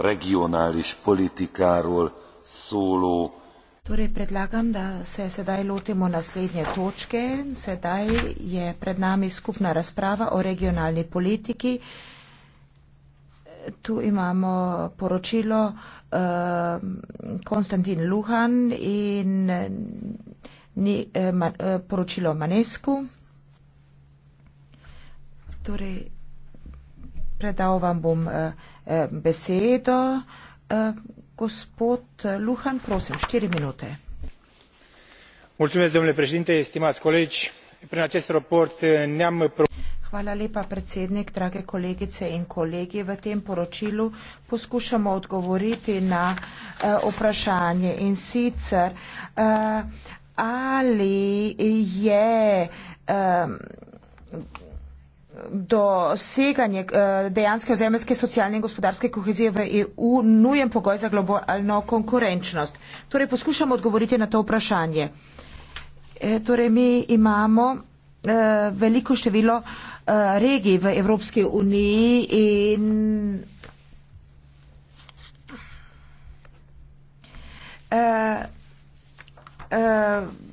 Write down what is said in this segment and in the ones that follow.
regionális politikáról szóló. Torej predlagam, da se sedaj lotimo naslednje točke. Sedaj je pred nami skupna razprava o regionalni politiki. Tu imamo poročilo uh, Konstantin Luhan in ni, uh, eh, man, uh, eh, poročilo Manesku. Torej, predal vam bom. Uh, Eh, besedo. Eh, gospod Luhan, prosim, štiri minute. Mulțumesc, domnule președinte, stimați colegi. Prin acest raport eh, ne-am Hvala lepa, predsednik, drage kolegice in kolegi. V tem poročilu poskušamo odgovoriti na eh, vprašanje in sicer, eh, ali je eh, doseganje eh, dejanske ozemeljske socialne in gospodarske kohezije v EU nujen pogoj za globalno konkurenčnost. Torej, poskušamo odgovoriti na to vprašanje. E, torej, mi imamo e, veliko število e, regij v Evropski uniji in e, e,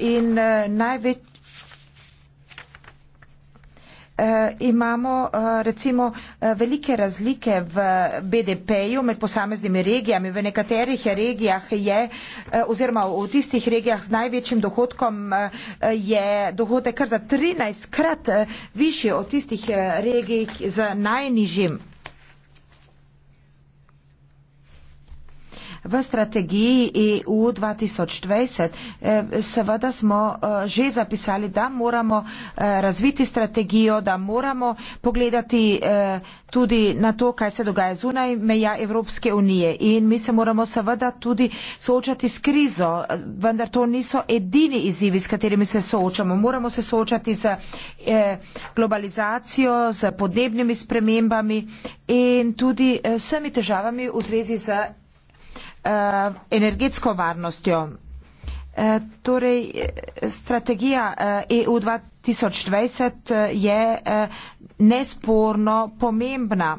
In največ, eh, imamo eh, recimo eh, velike razlike v BDP-ju med posameznimi regijami. V nekaterih regijah je eh, oziroma v tistih regijah z največjim dohodkom eh, je dohodek kar za 13 krat eh, višji od tistih eh, regij z najnižjim v strategiji EU 2020 eh, seveda smo eh, že zapisali, da moramo eh, razviti strategijo, da moramo pogledati tudi na to, kaj se dogaja zunaj meja Evropske unije. In mi se moramo seveda tudi soočati s krizo, vendar to niso edini izzivi, s katerimi se soočamo. Moramo se soočati z globalizacijo, z podnebnimi spremembami in tudi vsemi težavami v zvezi z uh, energetsko varnostjo. Uh, torej, strategija uh, EU 2020 je uh, nesporno pomembna.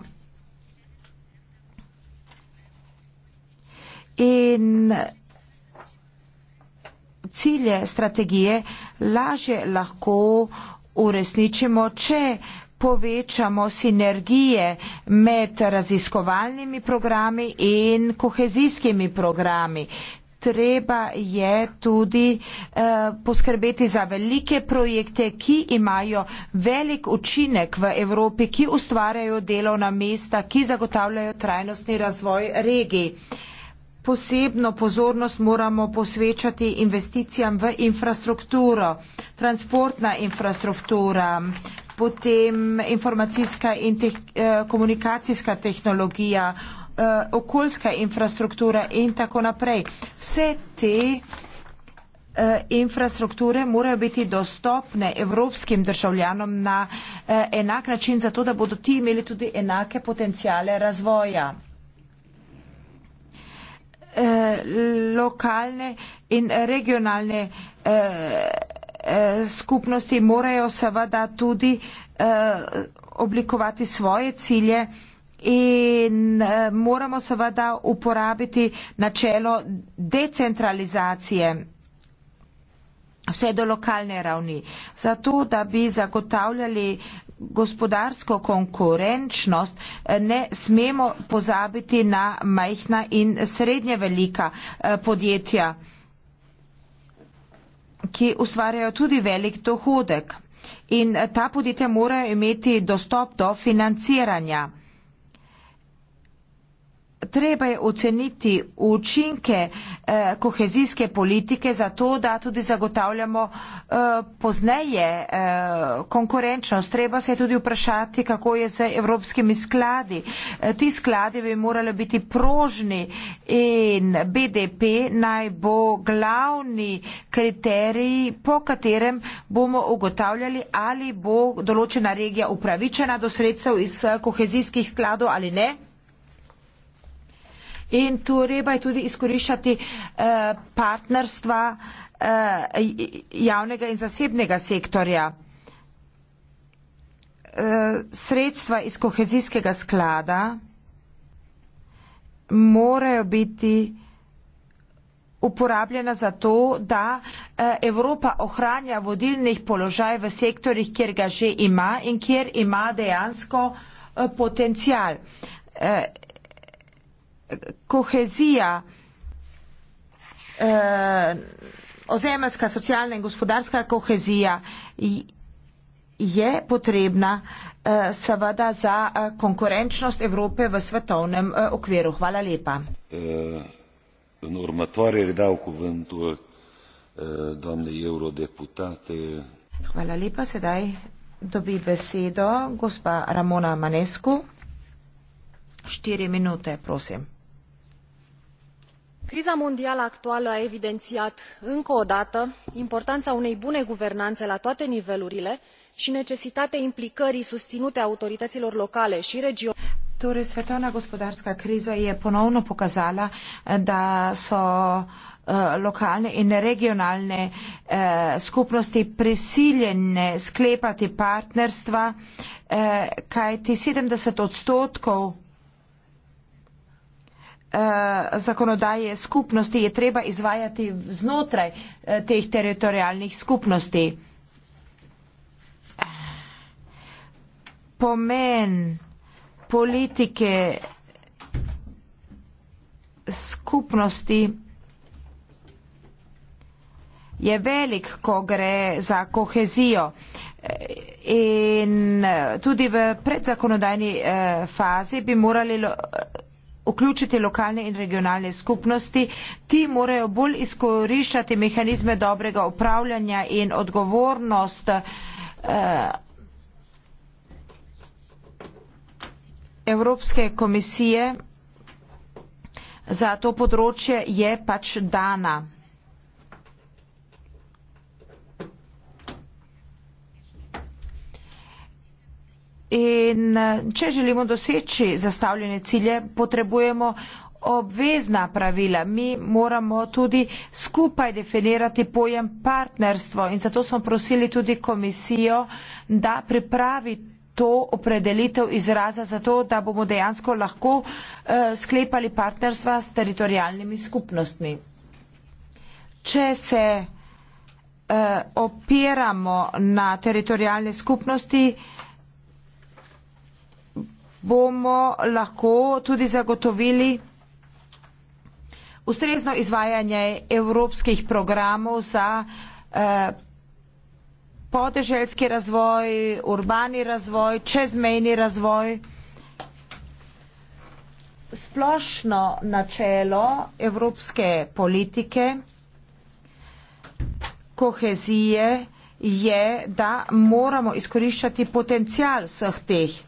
In cilje strategije lažje lahko uresničimo, če povečamo sinergije med raziskovalnimi programi in kohezijskimi programi. Treba je tudi eh, poskrbeti za velike projekte, ki imajo velik učinek v Evropi, ki ustvarjajo delovna mesta, ki zagotavljajo trajnostni razvoj regij. Posebno pozornost moramo posvečati investicijam v infrastrukturo, transportna infrastruktura, potem informacijska in teh, eh, komunikacijska tehnologija, eh, okoljska infrastruktura in tako naprej. Vse te eh, infrastrukture morajo biti dostopne evropskim državljanom na enak način, zato da bodo ti imeli tudi enake potencijale razvoja. Lokalne in regionalne Eh, skupnosti morajo seveda tudi eh, oblikovati svoje cilje in eh, moramo seveda uporabiti načelo decentralizacije vse do lokalne ravni, zato da bi zagotavljali gospodarsko konkurenčnost, ne smemo pozabiti na majhna in srednje velika podjetja ki ustvarjajo tudi velik dohodek. In ta podjetja morajo imeti dostop do financiranja treba je oceniti učinke eh, kohezijske politike za to, da tudi zagotavljamo eh, pozneje eh, konkurenčnost. Treba se je tudi vprašati, kako je z evropskimi skladi. Eh, ti skladi bi morali biti prožni in BDP naj bo glavni kriterij, po katerem bomo ugotavljali, ali bo določena regija upravičena do sredstev iz eh, kohezijskih skladov ali ne. In tu treba je tudi izkoriščati eh, partnerstva eh, javnega in zasebnega sektorja. Eh, sredstva iz kohezijskega sklada morajo biti uporabljena za to, da Evropa ohranja vodilnih položaj v sektorjih, kjer ga že ima in kjer ima dejansko potencial kohezija, eh, ozemeljska, socialna in gospodarska kohezija je potrebna eh, seveda za eh, konkurenčnost Evrope v svetovnem eh, okviru. Hvala lepa. Eh, normator je dal kuventu eh, domne eurodeputate. Hvala lepa. Sedaj dobi besedo gospa Ramona Manesku. Štiri minute, prosim criza mondială actuală a evideniat încă o dată importana unei bune guvernane la toate nivelurile i necesitatea implicării susinute a autorităilor locale i regionale torej, eh, eh, lokalne in regionalne eh, skupnosti prisiljene sklepati partnerstva, eh, kajti sedemdeset odstotkov Eh, zakonodaje skupnosti je treba izvajati znotraj eh, teh teritorijalnih skupnosti. Pomen politike skupnosti je velik, ko gre za kohezijo in tudi v predzakonodajni eh, fazi bi morali vključiti lokalne in regionalne skupnosti. Ti morajo bolj izkoriščati mehanizme dobrega upravljanja in odgovornost eh, Evropske komisije za to področje je pač dana. In eh, če želimo doseči zastavljene cilje, potrebujemo obvezna pravila. Mi moramo tudi skupaj definirati pojem partnerstvo in zato smo prosili tudi komisijo, da pripravi to opredelitev izraza za to, da bomo dejansko lahko eh, sklepali partnerstva s teritorijalnimi skupnostmi. Če se eh, opiramo na teritorijalne skupnosti, eh, bomo lahko tudi zagotovili ustrezno izvajanje evropskih programov za eh, podeželski razvoj, urbani razvoj, čezmejni razvoj. Splošno načelo evropske politike kohezije je, da moramo izkoriščati potencial vseh teh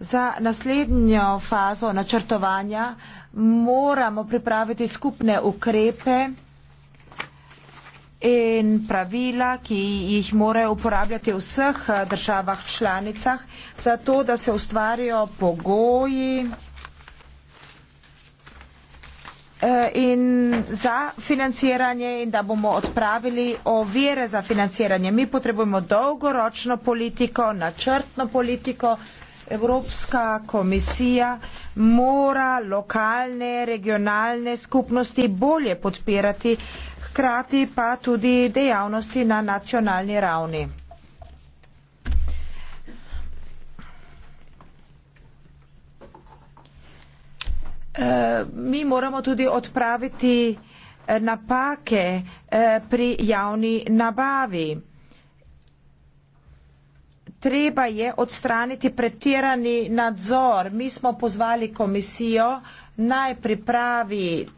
Za naslednjo fazo načrtovanja moramo pripraviti skupne ukrepe in pravila, ki jih morajo uporabljati v vseh eh, državah članicah, zato da se ustvarijo pogoji eh, in za financiranje in da bomo odpravili ovire za financiranje. Mi potrebujemo dolgoročno politiko, načrtno politiko, Evropska komisija mora lokalne, regionalne skupnosti bolje podpirati, hkrati pa tudi dejavnosti na nacionalni ravni. Eh, mi moramo tudi odpraviti eh, napake eh, pri javni nabavi treba je odstraniti pretirani nadzor. Mi smo pozvali komisijo naj pripravi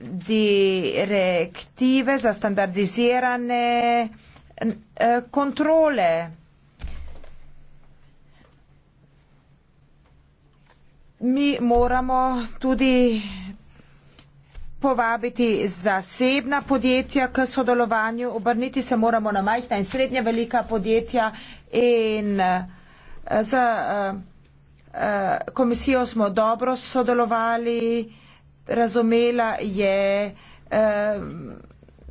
direktive za standardizirane e, kontrole. Mi moramo tudi povabiti zasebna podjetja k sodelovanju, obrniti se moramo na majhna in srednja velika podjetja in eh, z eh, eh, komisijo smo dobro sodelovali, razumela je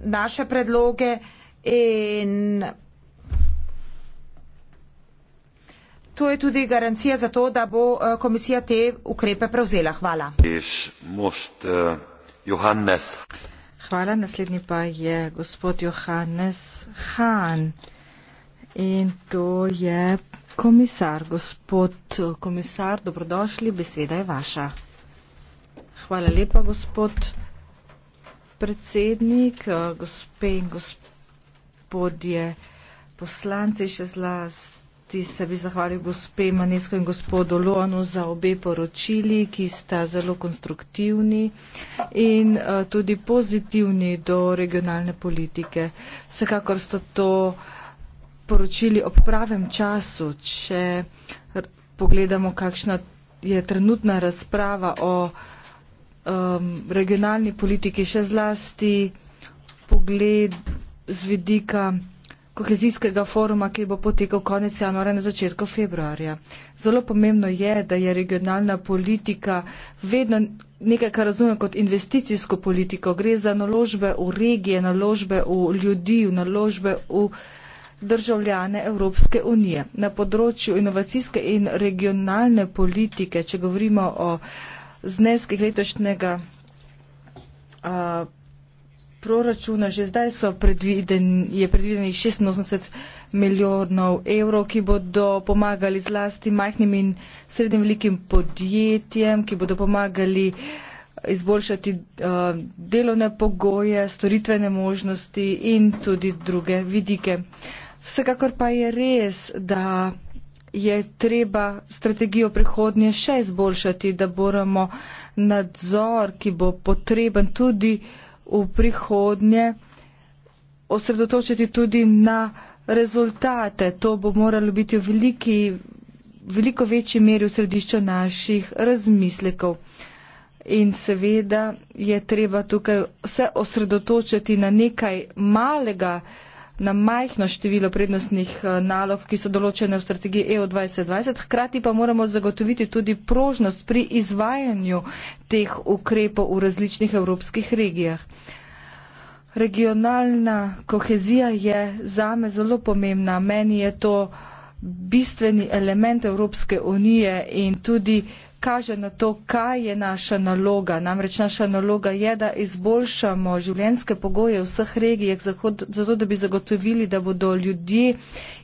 naše predloge in To je tudi garancija za to, da bo komisija te ukrepe prevzela. Hvala. Most, uh... Johannes. Hvala, naslednji pa je gospod Johannes Han in to je komisar. Gospod komisar, dobrodošli, beseda je vaša. Hvala lepa, gospod predsednik, gospe in gospodje poslanci, še zlasti časti se bi zahvalil gospe Manesko in gospodu Loanu za obe poročili, ki sta zelo konstruktivni in uh, tudi pozitivni do regionalne politike. Vsekakor ste to poročili ob pravem času, če pogledamo, kakšna je trenutna razprava o um, regionalni politiki, še zlasti pogled z vidika kohezijskega foruma, ki bo potekal konec januarja na začetku februarja. Zelo pomembno je, da je regionalna politika vedno nekaj, kar razumem kot investicijsko politiko. Gre za naložbe v regije, naložbe v ljudi, v naložbe v državljane Evropske unije. Na področju inovacijske in regionalne politike, če govorimo o zneskih letošnjega. Uh, proračuna, že zdaj predviden, je predvidenih 86 milijonov evrov, ki bodo pomagali zlasti majhnim in srednjim velikim podjetjem, ki bodo pomagali eh, izboljšati uh, delovne pogoje, storitvene možnosti in tudi druge vidike. Vsekakor pa je res, da je treba strategijo prihodnje še izboljšati, da moramo nadzor, ki bo potreben tudi uh, v prihodnje osredotočiti tudi na rezultate. To bo moralo biti v veliki, veliko večji meri v središču naših razmislekov. In seveda je treba tukaj vse osredotočiti na nekaj malega, na majhno število prednostnih eh, nalog, ki so določene v strategiji EU 2020, hkrati pa moramo zagotoviti tudi prožnost pri izvajanju teh ukrepov v različnih evropskih regijah. Regionalna kohezija je zame zelo pomembna. Meni je to bistveni element Evropske unije in tudi kaže na to, kaj je naša naloga. Namreč naša naloga je, da izboljšamo življenske pogoje v vseh regijah, zato da bi zagotovili, da bodo ljudje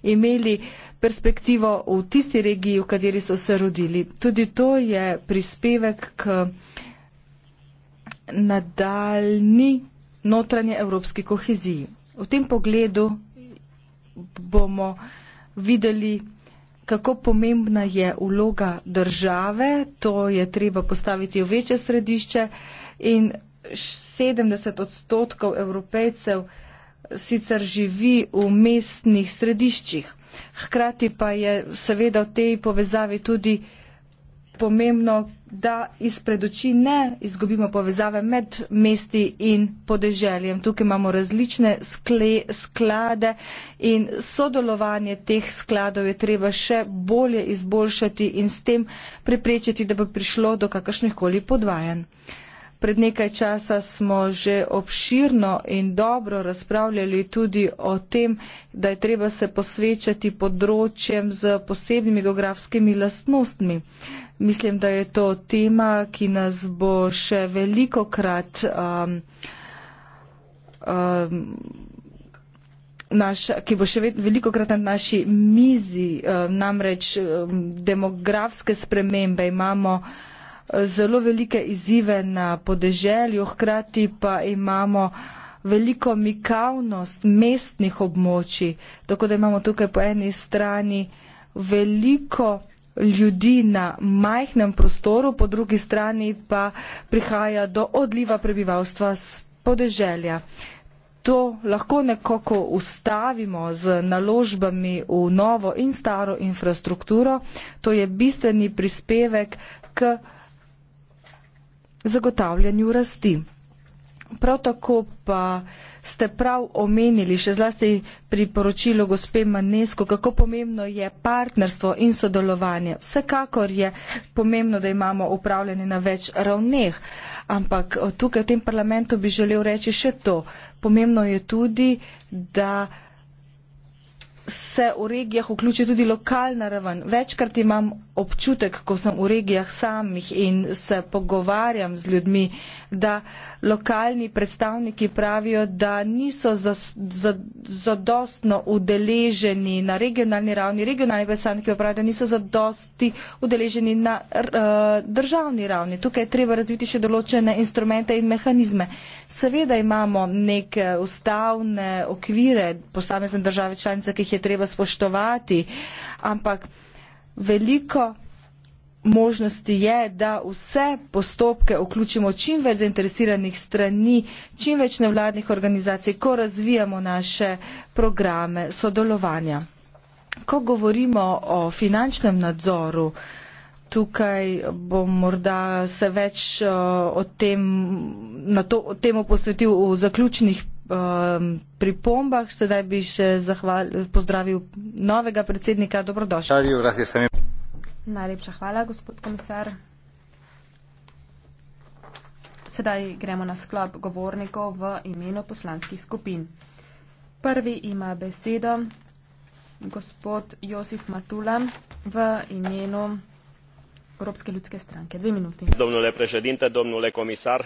imeli perspektivo v tisti regiji, v kateri so se rodili. Tudi to je prispevek k nadaljni notranje evropski koheziji. V tem pogledu bomo videli kako pomembna je vloga države, to je treba postaviti v večje središče in 70 odstotkov evropejcev sicer živi v mestnih središčih. Hkrati pa je seveda v tej povezavi tudi uh, pomembno, da izpred oči ne izgubimo povezave med mesti in podeželjem. Tukaj imamo različne skle, sklade in sodelovanje teh skladov je treba še bolje izboljšati in s tem preprečiti, da bi prišlo do kakršnih koli podvajanj. Pred nekaj časa smo že obširno in dobro razpravljali tudi o tem, da je treba se posvečati področjem z posebnimi geografskimi lastnostmi. Mislim, da je to tema, ki nas bo še veliko krat um, um, Naš, ki bo še veliko krat na naši mizi, um, namreč um, demografske spremembe imamo uh, zelo velike izzive na podeželju, hkrati pa imamo veliko mikavnost mestnih območij, tako da imamo tukaj po eni strani veliko ljudi na majhnem prostoru, po drugi strani pa prihaja do odliva prebivalstva z podeželja. To lahko nekako ustavimo z naložbami v novo in staro infrastrukturo. To je bistveni prispevek k zagotavljanju rasti. Prav tako pa ste prav omenili, še zlasti pri poročilu gospe Manesko, kako pomembno je partnerstvo in sodelovanje. Vsekakor je pomembno, da imamo upravljanje na več ravneh, ampak tukaj v tem parlamentu bi želel reči še to. Pomembno je tudi, da se v regijah vključuje tudi lokalna raven. Večkrat imam občutek, ko sem v regijah samih in se pogovarjam z ljudmi, da lokalni predstavniki pravijo, da niso zadostno za, za udeleženi na regionalni ravni, regionalni predstavniki pa pravijo, da niso zadosti udeleženi na uh, državni ravni. Tukaj je treba razviti še določene instrumente in mehanizme. Seveda imamo neke ustavne okvire posamezne države članice, ki jih je treba spoštovati, ampak veliko možnosti je, da vse postopke vključimo čim več zainteresiranih strani, čim več nevladnih organizacij, ko razvijamo naše programe sodelovanja. Ko govorimo o finančnem nadzoru, tukaj bom morda se več eh, o tem, na to, o temu posvetil v zaključnih um, pripombah. Sedaj bi še zahval, pozdravil novega predsednika. Dobrodošli. Najlepša hvala, gospod komisar. Sedaj gremo na sklop govornikov v imenu poslanskih skupin. Prvi ima besedo gospod Josif Matula v imenu Evropske ljudske stranke. Dve minuti. Domnule prežedinte, domnule komisar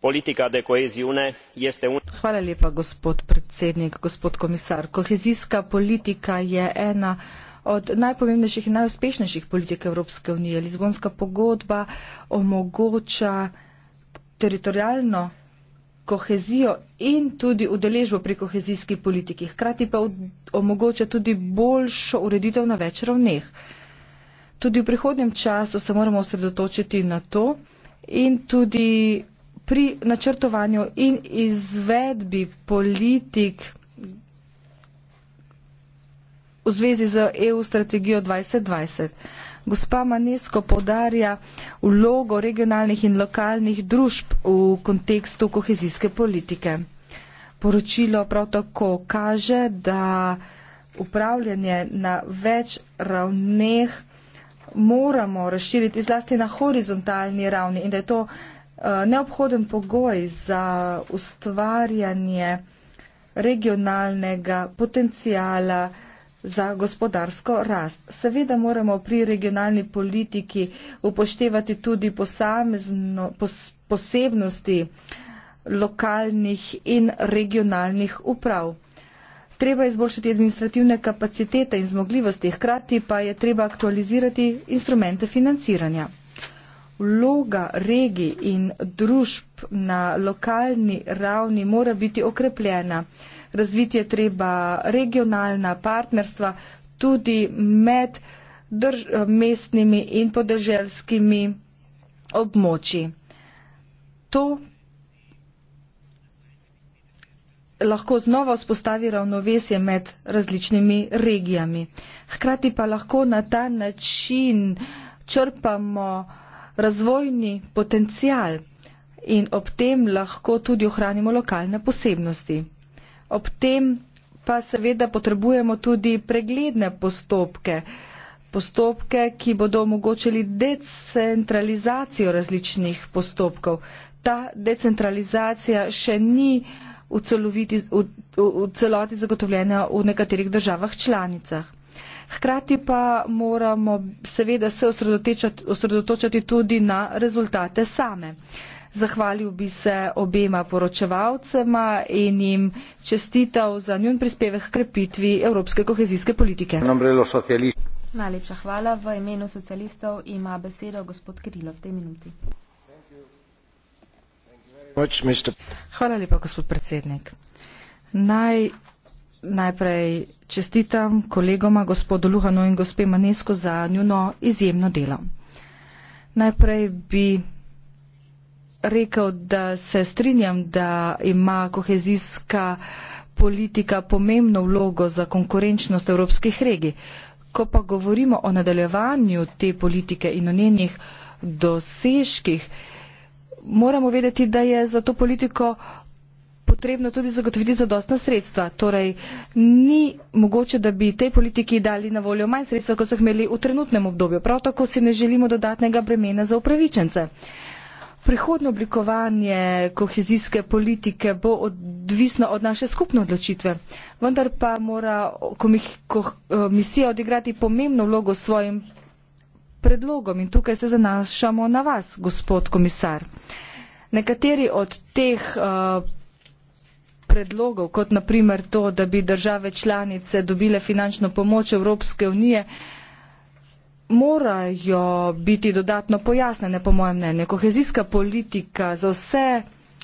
politika de coeziune este un. Hvala lepa, gospod predsednik, gospod komisar. Kohezijska politika je ena od najpomembnejših in najuspešnejših politik Evropske unije. Lizbonska pogodba omogoča teritorijalno kohezijo in tudi udeležbo pri kohezijski politiki. Hkrati pa omogoča tudi boljšo ureditev na več ravneh. Tudi v prihodnem času se moramo osredotočiti na to in tudi pri načrtovanju in izvedbi politik v zvezi z EU strategijo 2020. Gospa Manesko podarja vlogo regionalnih in lokalnih družb v kontekstu kohezijske politike. Poročilo prav tako kaže, da upravljanje na več ravneh moramo razširiti zlasti na horizontalni ravni in da je to Eh, neobhoden pogoj za ustvarjanje regionalnega potencijala za gospodarsko rast. Seveda moramo pri regionalni politiki upoštevati tudi posamezno, pos, posebnosti lokalnih in regionalnih uprav. Treba je izboljšati administrativne kapacitete in zmogljivosti, hkrati pa je treba aktualizirati instrumente financiranja. Vloga regij in družb na lokalni ravni mora biti okrepljena. Razviti je treba regionalna partnerstva tudi med drž, mestnimi in podeželskimi območji. To lahko znova vzpostavi ravnovesje med različnimi regijami. Hkrati pa lahko na ta način črpamo razvojni potencial in ob tem lahko tudi ohranimo lokalne posebnosti. Ob tem pa seveda potrebujemo tudi pregledne postopke, postopke, ki bodo omogočili decentralizacijo različnih postopkov. Ta decentralizacija še ni v, celoviti, v, v, v celoti zagotovljena v nekaterih državah članicah. Hkrati pa moramo seveda se osredotočati, osredotočati tudi na rezultate same. Zahvalil bi se obema poročevalcema in jim čestital za njun prispevek k krepitvi evropske kohezijske politike. Najlepša hvala. V imenu socialistov ima besedo gospod Kirilov v tej minuti. Hvala lepa, gospod predsednik. Naj najprej čestitam kolegoma, gospodu Luhanu in gospe Manesko za njuno izjemno delo. Najprej bi rekel, da se strinjam, da ima kohezijska politika pomembno vlogo za konkurenčnost evropskih regij. Ko pa govorimo o nadaljevanju te politike in o njenih dosežkih, moramo vedeti, da je za to politiko potrebno tudi zagotoviti zadostna sredstva. Torej, ni mogoče, da bi tej politiki dali na voljo manj sredstva, kot so imeli v trenutnem obdobju. Prav tako si ne želimo dodatnega bremena za upravičence. Prihodno oblikovanje kohezijske politike bo odvisno od naše skupne odločitve, vendar pa mora komisija odigrati pomembno vlogo s svojim predlogom in tukaj se zanašamo na vas, gospod komisar. Nekateri od teh uh, predlogov, kot naprimer to, da bi države članice dobile finančno pomoč Evropske unije, morajo biti dodatno pojasnene, po mojem mnenju. Kohezijska politika za vse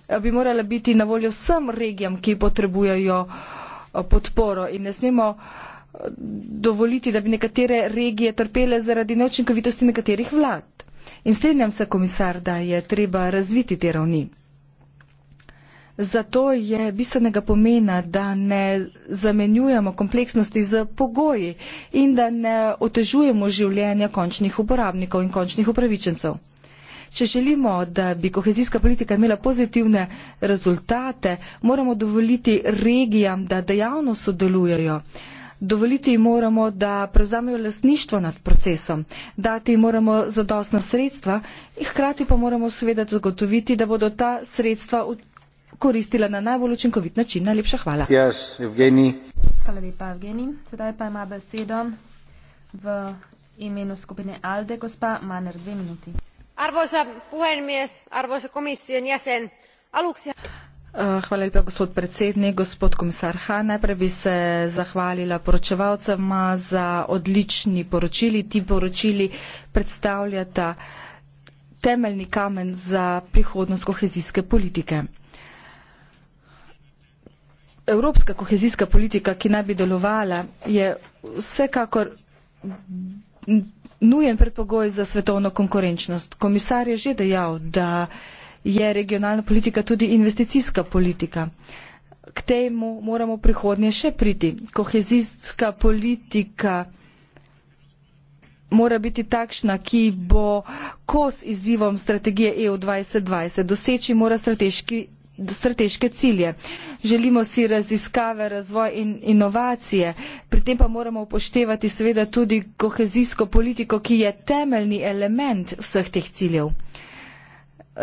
eh, bi morala biti na voljo vsem regijam, ki potrebujejo eh, podporo in ne smemo eh, dovoliti, da bi nekatere regije trpele zaradi neočinkovitosti nekaterih vlad. In strenjam se, komisar, da je treba razviti te ravni. Zato je bistvenega pomena, da ne zamenjujemo kompleksnosti z pogoji in da ne otežujemo življenja končnih uporabnikov in končnih upravičencev. Če želimo, da bi kohezijska politika imela pozitivne rezultate, moramo dovoliti regijam, da dejavno sodelujejo. Dovoliti moramo, da prevzamejo lasništvo nad procesom, dati moramo zadostna sredstva in hkrati pa moramo seveda zagotoviti, da bodo ta sredstva koristila na najbolj učinkovit način. Najlepša hvala. Yes, hvala lepa, Evgeni. Sedaj pa ima besedo v imenu skupine ALDE, gospa Maner, dve minuti. Arvoisa puhemies, arvoisa komission jäsen, aluksi... Eh, hvala lepa, gospod predsednik, gospod komisar Han. Najprej bi se zahvalila poročevalcema za odlični poročili. Ti poročili predstavljata temeljni kamen za prihodnost kohezijske politike evropska kohezijska politika, ki naj bi delovala, je vsekakor nujen predpogoj za svetovno konkurenčnost. Komisar je že dejal, da je regionalna politika tudi investicijska politika. K temu moramo prihodnje še priti. Kohezijska politika mora biti takšna, ki bo kos izzivom strategije EU 2020. Doseči mora strateški strateške cilje. Želimo si raziskave, razvoj in inovacije, pri tem pa moramo upoštevati seveda tudi kohezijsko politiko, ki je temeljni element vseh teh ciljev.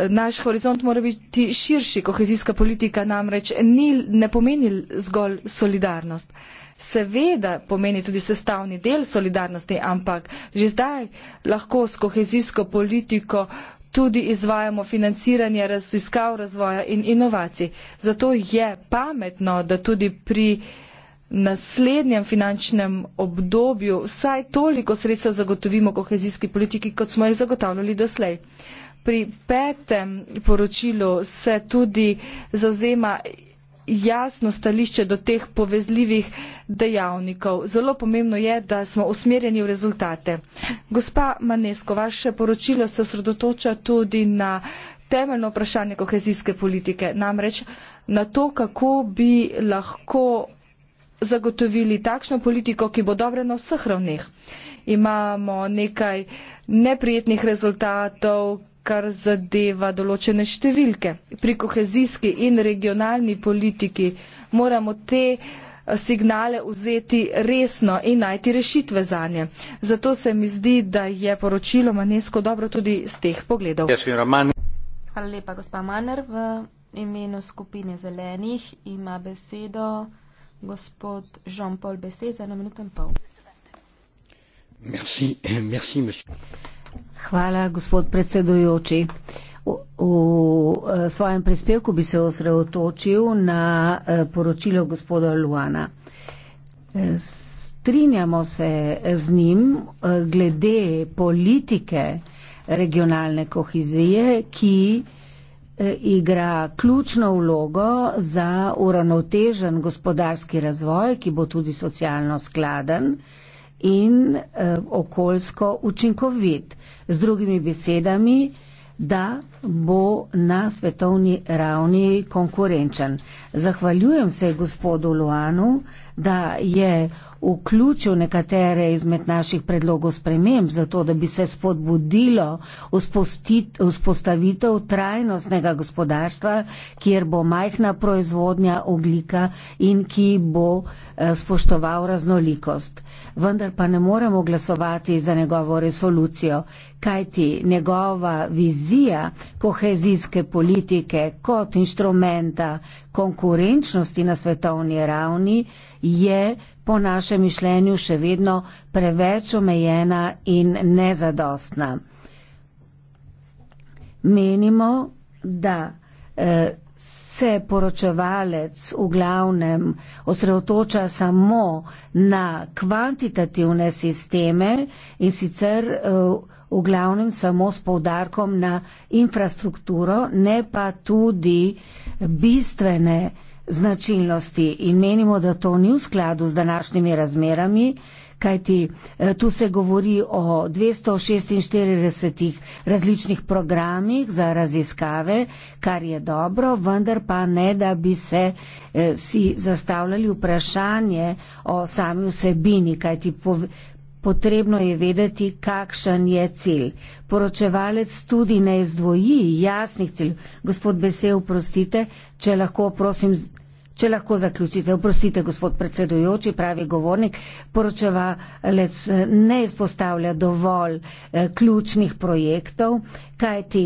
Naš horizont mora biti širši, kohezijska politika namreč ni, ne pomeni zgolj solidarnost. Seveda pomeni tudi sestavni del solidarnosti, ampak že zdaj lahko s kohezijsko politiko tudi izvajamo financiranje raziskav, razvoja in inovacij. Zato je pametno, da tudi pri naslednjem finančnem obdobju vsaj toliko sredstev zagotovimo kohezijski politiki, kot smo jih zagotavljali doslej. Pri petem poročilu se tudi zauzema jasno stališče do teh povezljivih dejavnikov. Zelo pomembno je, da smo usmerjeni v rezultate. Gospa Manesko, vaše poročilo se osredotoča tudi na temeljno vprašanje kohezijske politike, namreč na to, kako bi lahko zagotovili takšno politiko, ki bo dobra na vseh ravneh. Imamo nekaj neprijetnih rezultatov, kar zadeva določene številke. Pri kohezijski in regionalni politiki moramo te eh, signale vzeti resno in najti rešitve za nje. Zato se mi zdi, da je poročilo manjsko dobro tudi z teh pogledov. Ja, Hvala lepa, gospa Maner. V imenu skupine zelenih ima besedo gospod Jean-Paul Besset za eno minuto in pol. Merci, merci, monsieur. Hvala, gospod predsedujoči. V eh, svojem prispevku bi se osredotočil na eh, poročilo gospoda Luana. Eh, strinjamo se z njim glede politike regionalne kohezije, ki igra ključno vlogo za uravnotežen gospodarski razvoj, ki bo tudi socialno skladen in eh, okoljsko učinkovit. Z drugimi besedami, da bo na svetovni ravni konkurenčen. Zahvaljujem se gospodu Luanu, da je vključil nekatere izmed naših predlogov sprememb, zato da bi se spodbudilo vzpostavitev trajnostnega gospodarstva, kjer bo majhna proizvodnja oglika in ki bo eh, spoštoval raznolikost. Vendar pa ne moremo glasovati za njegovo resolucijo, kajti njegova vizija kohezijske politike kot inštrumenta konkurenčnosti na svetovni ravni je po našem mišljenju še vedno preveč omejena in nezadostna. Menimo, da eh, se poročevalec v glavnem osredotoča samo na kvantitativne sisteme in sicer eh, v glavnem samo s povdarkom na infrastrukturo, ne pa tudi bistvene značilnosti. In menimo, da to ni v skladu z današnjimi razmerami, kajti eh, tu se govori o 246 različnih programih za raziskave, kar je dobro, vendar pa ne, da bi se eh, si zastavljali vprašanje o sami vsebini, kajti Potrebno je vedeti, kakšen je cilj. Poročevalec tudi ne izdvoji jasnih ciljev. Gospod Besev, oprostite, če lahko, prosim, če lahko zaključite. Oprostite, gospod predsedujoči, pravi govornik, poročevalec eh, ne izpostavlja dovolj eh, ključnih projektov, kajti,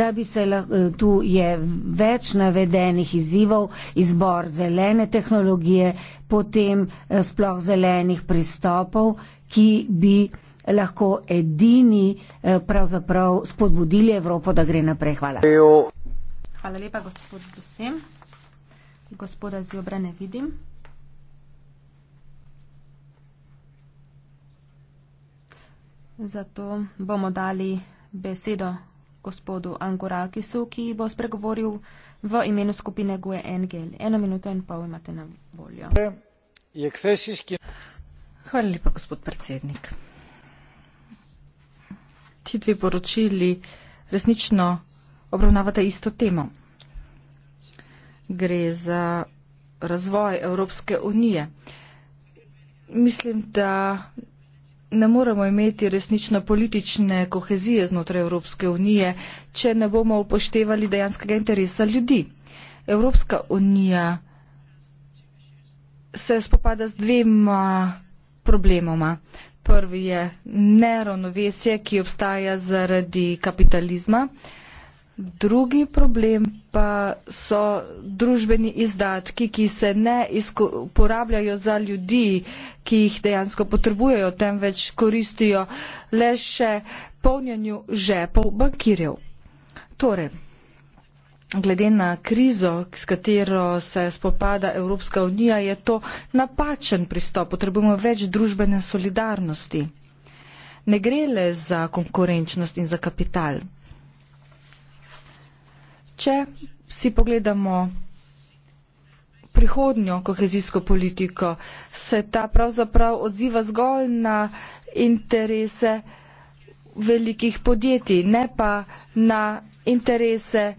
da bi se lahko, eh, tu je več navedenih izzivov, izbor zelene tehnologije, potem sploh zelenih pristopov, ki bi lahko edini eh, pravzaprav spodbudili Evropo, da gre naprej. Hvala. Hvala lepa, gospod Besem. Gospoda Zjobra ne vidim. Zato bomo dali besedo gospodu Angorakisu, ki bo spregovoril v imenu skupine GUE-NGL. Eno minuto in pol imate na voljo. Je kvesijski. Hvala lepa, gospod predsednik. Ti dve poročili resnično obravnavata isto temo. Gre za razvoj Evropske unije. Mislim, da ne moremo imeti resnično politične kohezije znotraj Evropske unije, če ne bomo upoštevali dejanskega interesa ljudi. Evropska unija se spopada z dvema problemoma. Prvi je neravnovesje, ki obstaja zaradi kapitalizma. Drugi problem pa so družbeni izdatki, ki se ne uporabljajo za ljudi, ki jih dejansko potrebujejo, temveč koristijo le še polnjenju žepov bankirjev. Torej, glede na krizo, s katero se spopada Evropska unija, je to napačen pristop. Potrebujemo več družbene solidarnosti. Ne gre le za konkurenčnost in za kapital. Če si pogledamo prihodnjo kohezijsko politiko, se ta pravzaprav odziva zgolj na interese velikih podjetij, ne pa na interese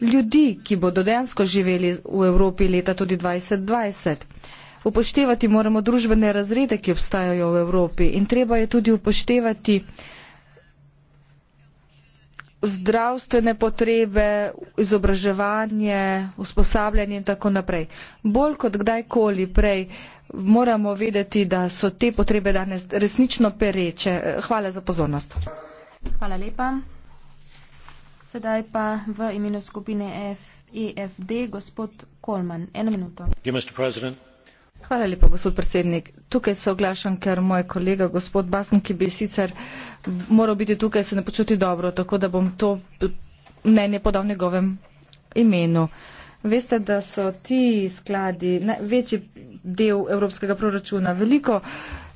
ljudi, ki bodo dejansko živeli v Evropi leta tudi 2020. Upoštevati moramo družbene razrede, ki obstajajo v Evropi in treba je tudi upoštevati zdravstvene potrebe, izobraževanje, usposabljanje in tako naprej. Bolj kot kdajkoli prej moramo vedeti, da so te potrebe danes resnično pereče. Hvala za pozornost. Hvala lepa. Sedaj pa v imenu skupine F EFD gospod Kolman. Eno minuto. Hvala lepa, gospod predsednik. Tukaj se oglašam, ker moj kolega, gospod Basn, ki bi sicer moral biti tukaj, se ne počuti dobro, tako da bom to mnenje podal v njegovem imenu. Veste, da so ti skladi največji del evropskega proračuna. Veliko uh,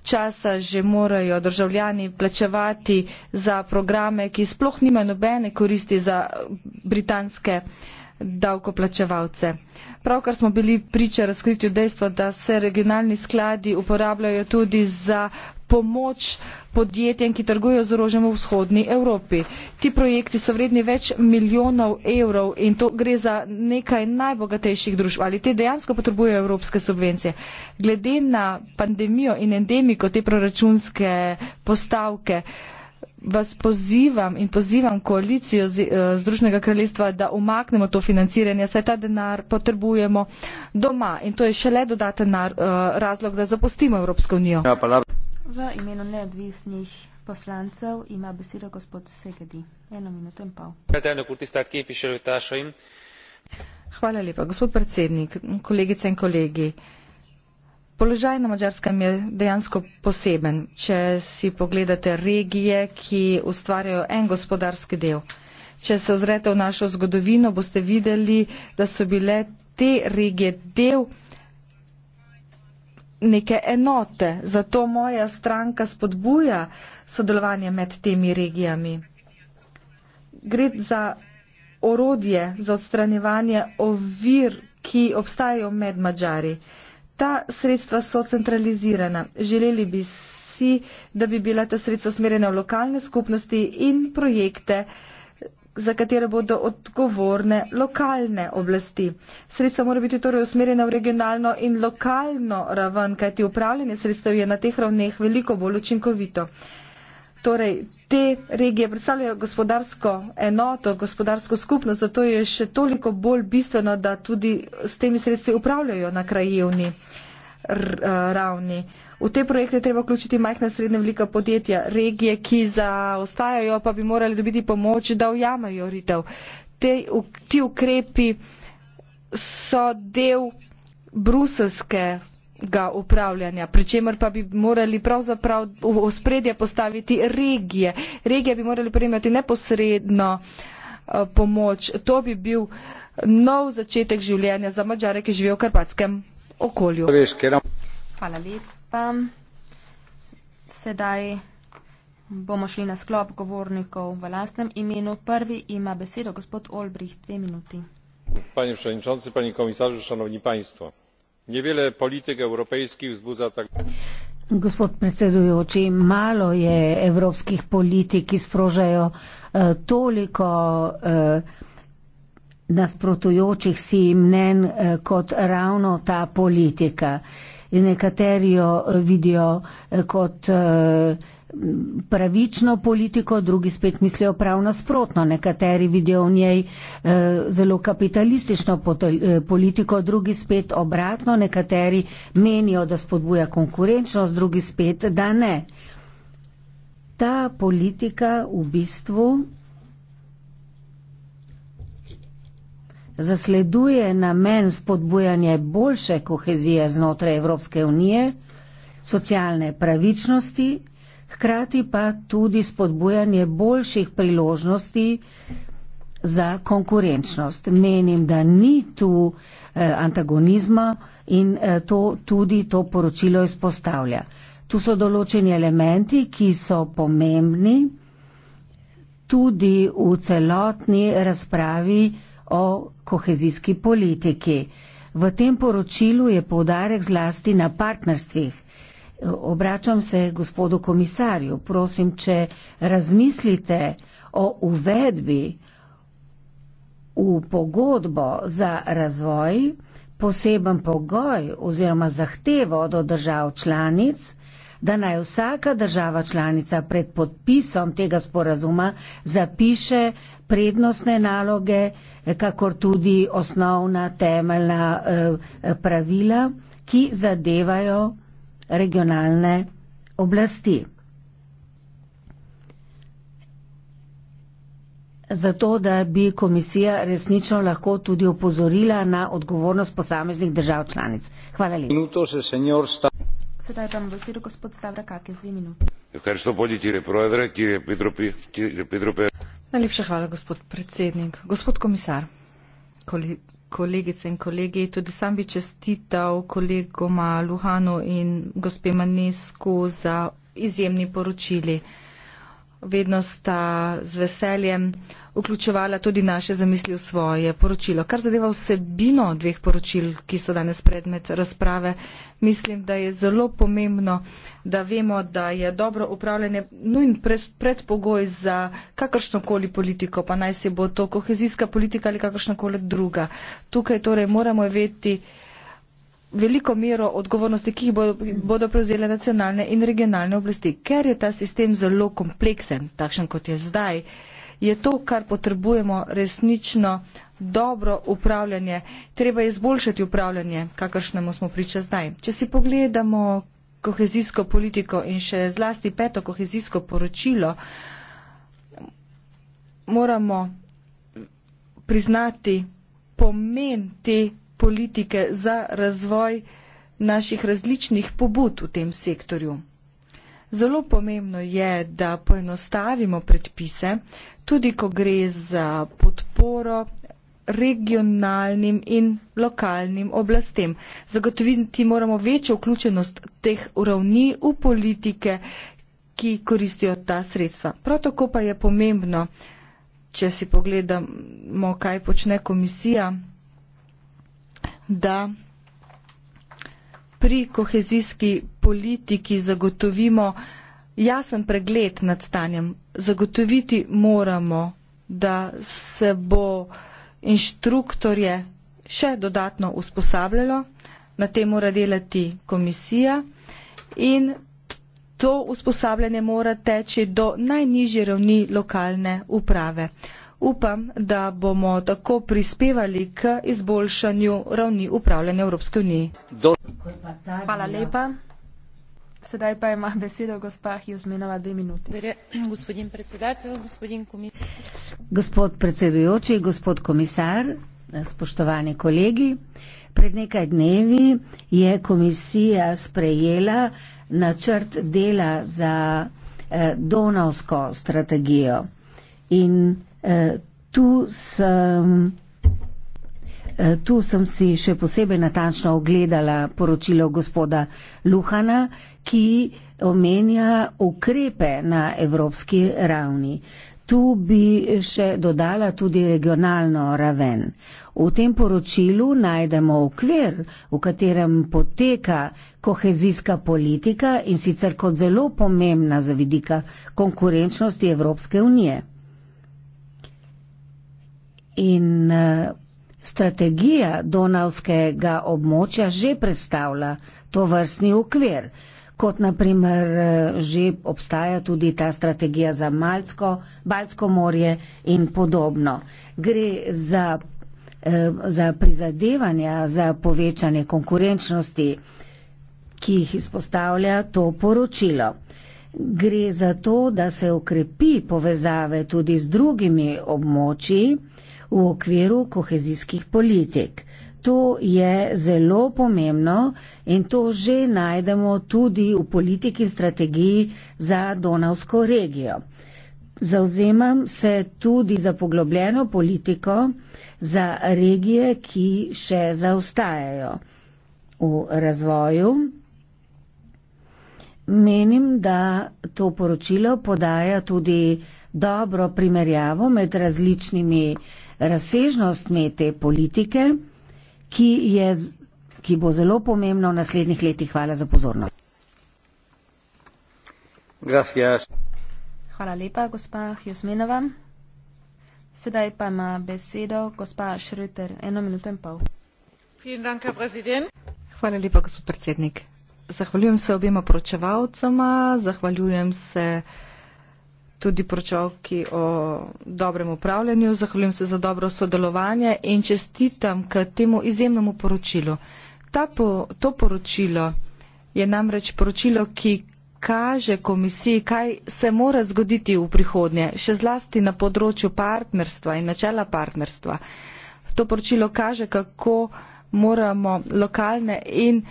časa že morajo državljani plačevati za programe, ki sploh nimajo nobene koristi za britanske uh, davkoplačevalce. Pravkar smo bili priča razkritju dejstva, da se regionalni skladi uporabljajo tudi za pomoč podjetjem, ki trgujejo z orožjem v vzhodni Evropi. Ti projekti so vredni več milijonov evrov in to gre za nekaj najbogatejših družb. Ali te dejansko potrebujejo evropske subvencije? Glede na pandemijo in endemiko te proračunske postavke, vas pozivam in pozivam koalicijo eh, Združnega kraljestva, da umaknemo to financiranje, saj ta denar potrebujemo doma in to je šele dodaten nar, eh, razlog, da zapustimo Evropsko unijo. Ja, v imenu neodvisnih poslancev ima besedo gospod Segedi. Eno minuto in pol. Hvala lepa, gospod predsednik, kolegice in kolegi. Položaj na Mačarskem je dejansko poseben, če si pogledate regije, ki ustvarjajo en gospodarski del. Če se ozrete v našo zgodovino, boste videli, da so bile te regije del neke enote. Zato moja stranka spodbuja sodelovanje med temi regijami. Gre za orodje za odstranjevanje ovir, ki obstajajo med Mačari ta sredstva so centralizirana. Želeli bi si, da bi bila ta sredstva smerjena v lokalne skupnosti in projekte, za katere bodo odgovorne lokalne oblasti. Sredstva mora biti torej usmerjena v regionalno in lokalno raven, kajti upravljanje sredstev je na teh ravneh veliko bolj učinkovito. Torej, te regije predstavljajo gospodarsko enoto, gospodarsko skupnost, zato je še toliko bolj bistveno, da tudi s temi sredstvi upravljajo na krajevni eh, ravni. V te projekte treba vključiti majhna srednja velika podjetja, regije, ki zaostajajo, pa bi morali dobiti pomoč, da ujamajo ritev. Te, ti ukrepi so del bruselske regionalnega upravljanja pri čemer pa bi morali pravzaprav v ospredje postaviti regije. Regije bi morali prejemati neposredno eh, pomoč. To bi bil nov začetek življenja za mačare, ki živijo v karpatskem okolju. Hvala lepa. Sedaj bomo šli na sklop govornikov v lastnem imenu. Prvi ima besedo gospod Olbrih, dve minuti. Panie Przewodniczący, Panie Komisarzu, Szanowni Państwo niewiele polityk europejskich wzbudza tak Gospod predsedujoči, malo je evropskih politik, ki sprožajo eh, toliko eh, nasprotujočih si mnen eh, kot ravno ta politika. In nekateri jo vidijo eh, kot eh, pravično politiko, drugi spet mislijo prav nasprotno. Nekateri vidijo v njej eh, zelo kapitalistično eh, politiko, drugi spet obratno. Nekateri menijo, da spodbuja konkurenčnost, drugi spet, da ne. Ta politika v bistvu zasleduje namen spodbujanja boljše kohezije znotraj Evropske unije socialne pravičnosti, hkrati pa tudi spodbujanje boljših priložnosti za konkurenčnost. Menim, da ni tu eh, antagonizma in eh, to tudi to poročilo izpostavlja. Tu so določeni elementi, ki so pomembni tudi v celotni razpravi o kohezijski politiki. V tem poročilu je povdarek zlasti na partnerstvih. Obračam se gospodu komisarju, prosim, če razmislite o uvedbi v pogodbo za razvoj poseben pogoj oziroma zahtevo do držav članic, da naj vsaka država članica pred podpisom tega sporazuma zapiše prednostne naloge, kakor tudi osnovna temeljna eh, pravila, ki zadevajo regionalne oblasti. Zato, da bi komisija resnično lahko tudi opozorila na odgovornost posameznih držav članic. Hvala lepa. Minuto, se senjor sta. Sedaj vam besedo, gospod Stavra, kakšne dve minute. Kaj so bodi tire projedre, tire Petrope? Najlepša hvala, gospod predsednik. Gospod komisar, koli, kolegice in kolegi. Tudi sam bi čestital kolegoma Luhanu in gospe Manesku za izjemni poročili vedno sta z veseljem vključevala tudi naše zamisli v svoje poročilo. Kar zadeva vsebino dveh poročil, ki so danes predmet razprave, mislim, da je zelo pomembno, da vemo, da je dobro upravljanje nujen predpogoj za kakršnokoli politiko, pa naj se bo to kohezijska politika ali kakršnakoli druga. Tukaj torej moramo vedeti, veliko mero odgovornosti, ki jih bodo, bodo prevzele nacionalne in regionalne oblasti. Ker je ta sistem zelo kompleksen, takšen kot je zdaj, je to, kar potrebujemo resnično dobro upravljanje. Treba je izboljšati upravljanje, kakršnemu smo priča zdaj. Če si pogledamo kohezijsko politiko in še zlasti peto kohezijsko poročilo, moramo priznati pomen te politike za razvoj naših različnih pobud v tem sektorju. Zelo pomembno je, da poenostavimo predpise, tudi ko gre za podporo regionalnim in lokalnim oblastem. Zagotoviti moramo večjo vključenost teh ravni v politike, ki koristijo ta sredstva. Prav tako pa je pomembno, če si pogledamo, kaj počne komisija, da pri kohezijski politiki zagotovimo jasen pregled nad stanjem. Zagotoviti moramo, da se bo inštruktorje še dodatno usposabljalo, na tem mora delati komisija in to usposabljanje mora teči do najnižje ravni lokalne uprave. Upam, da bomo tako prispevali k izboljšanju ravni upravljanja Evropske unije. Hvala lepa. Sedaj pa ima besedo gospa Hjuzmenova dve minuti. Torej, gospodin predsedatelj, gospodin komisar. Gospod predsedujoči, gospod komisar, spoštovani kolegi. Pred nekaj dnevi je komisija sprejela načrt dela za eh, donovsko strategijo. In Eh, tu sem, eh, tu sem si še posebej natančno ogledala poročilo gospoda Luhana, ki omenja ukrepe na evropski ravni. Tu bi še dodala tudi regionalno raven. V tem poročilu najdemo okvir, v katerem poteka kohezijska politika in sicer kot zelo pomembna za vidika konkurenčnosti Evropske unije. In eh, strategija donavskega območja že predstavlja to vrstni okvir, kot naprimer eh, že obstaja tudi ta strategija za Malsko, Balsko morje in podobno. Gre za, eh, za prizadevanja za povečanje konkurenčnosti, ki jih izpostavlja to poročilo. Gre za to, da se ukrepi povezave tudi z drugimi območji, v okviru kohezijskih politik. To je zelo pomembno in to že najdemo tudi v politiki in strategiji za Donavsko regijo. Zauzemam se tudi za poglobljeno politiko za regije, ki še zaostajajo v razvoju. Menim, da to poročilo podaja tudi dobro primerjavo med različnimi eh, razsežnostmi te politike, ki, je, ki bo zelo pomembna v naslednjih letih. Hvala za pozornost. Gracias. Hvala lepa, gospa Hjusmenova. Sedaj pa ima besedo gospa Šrüter. Eno minuto in pol. Hvala lepa, gospod predsednik. Zahvaljujem se objema poročevalcema, zahvaljujem se tudi poročavki o dobrem upravljanju. Zahvaljujem se za dobro sodelovanje in čestitam k temu izjemnemu poročilu. Ta po, to poročilo je namreč poročilo, ki kaže komisiji, kaj se mora zgoditi v prihodnje, še zlasti na področju partnerstva in načela partnerstva. To poročilo kaže, kako moramo lokalne in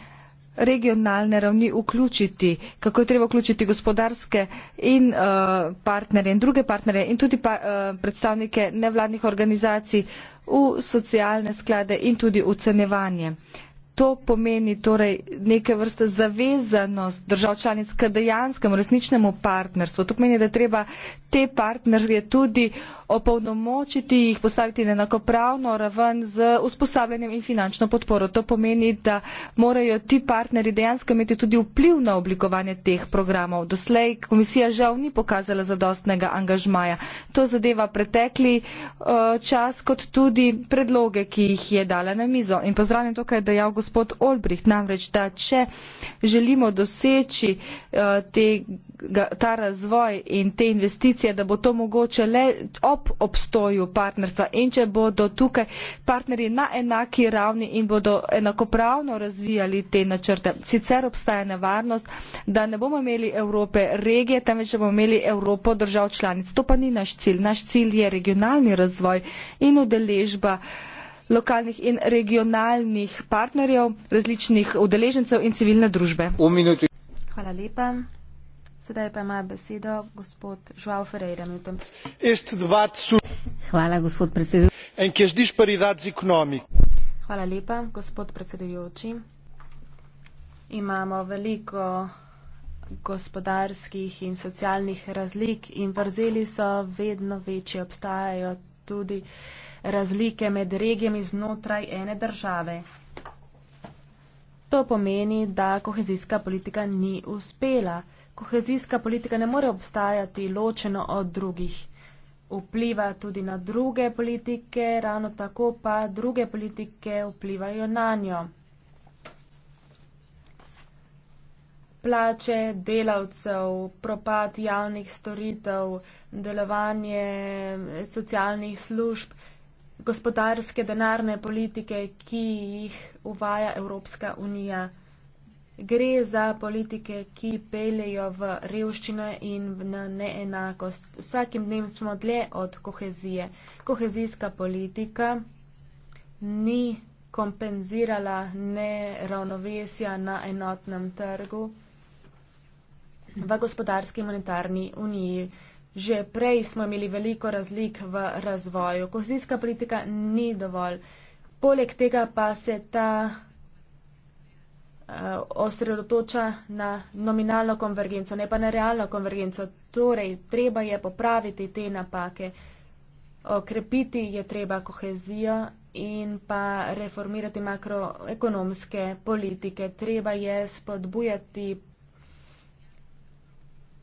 regionalne ravni vključiti, kako je treba vključiti gospodarske in uh, partnerje in druge partnerje in tudi pa, uh, predstavnike nevladnih organizacij v socialne sklade in tudi ocenevanje. Uh, to pomeni torej neke vrste zavezanost držav članic k dejanskemu, resničnemu partnerstvu. To pomeni, da treba te partnerje tudi opolnomočiti, jih postaviti na enakopravno raven z usposabljanjem in finančno podporo. To pomeni, da morajo ti partnerji dejansko imeti tudi vpliv na oblikovanje teh programov. Doslej komisija žal ni pokazala zadostnega angažmaja. To zadeva pretekli eh, čas, kot tudi predloge, ki jih je dala na mizo. In pozdravljam to, kar je dejal gospod gospod Olbrich, namreč da če želimo doseči eh, te, ta razvoj in te investicije, da bo to mogoče le ob obstoju partnerstva in če bodo tukaj partnerji na enaki ravni in bodo enakopravno razvijali te načrte. Sicer obstaja nevarnost, da ne bomo imeli Evrope regije, temveč da bomo imeli Evropo držav članic. To pa ni naš cilj. Naš cilj je regionalni razvoj in udeležba. Uh, lokalnih in regionalnih partnerjev, različnih udeležencev in civilne družbe. Hvala lepa. Sedaj pa ima besedo gospod Žuav Ferreira. Hvala, gospod predsedujoči. Hvala lepa, gospod predsedujoči. Imamo veliko gospodarskih in socialnih razlik in vrzeli so vedno večje. Obstajajo tudi razlike med regijami znotraj ene države. To pomeni, da kohezijska politika ni uspela. Kohezijska politika ne more obstajati ločeno od drugih. Vpliva tudi na druge politike, ravno tako pa druge politike vplivajo na njo. plače delavcev, propad javnih storitev, delovanje eh, socialnih služb, gospodarske denarne politike, ki jih uvaja Evropska unija. Gre za politike, ki peljejo v revščino in v neenakost. Vsakim dnem smo dlje od kohezije. Kohezijska politika ni kompenzirala neravnovesja na enotnem trgu v gospodarski monetarni uniji. Že prej smo imeli veliko razlik v razvoju. Kohezijska politika ni dovolj. Poleg tega pa se ta eh, osredotoča na nominalno konvergenco, ne pa na realno konvergenco. Torej, treba je popraviti te napake, okrepiti je treba kohezijo in pa reformirati makroekonomske politike. Treba je spodbujati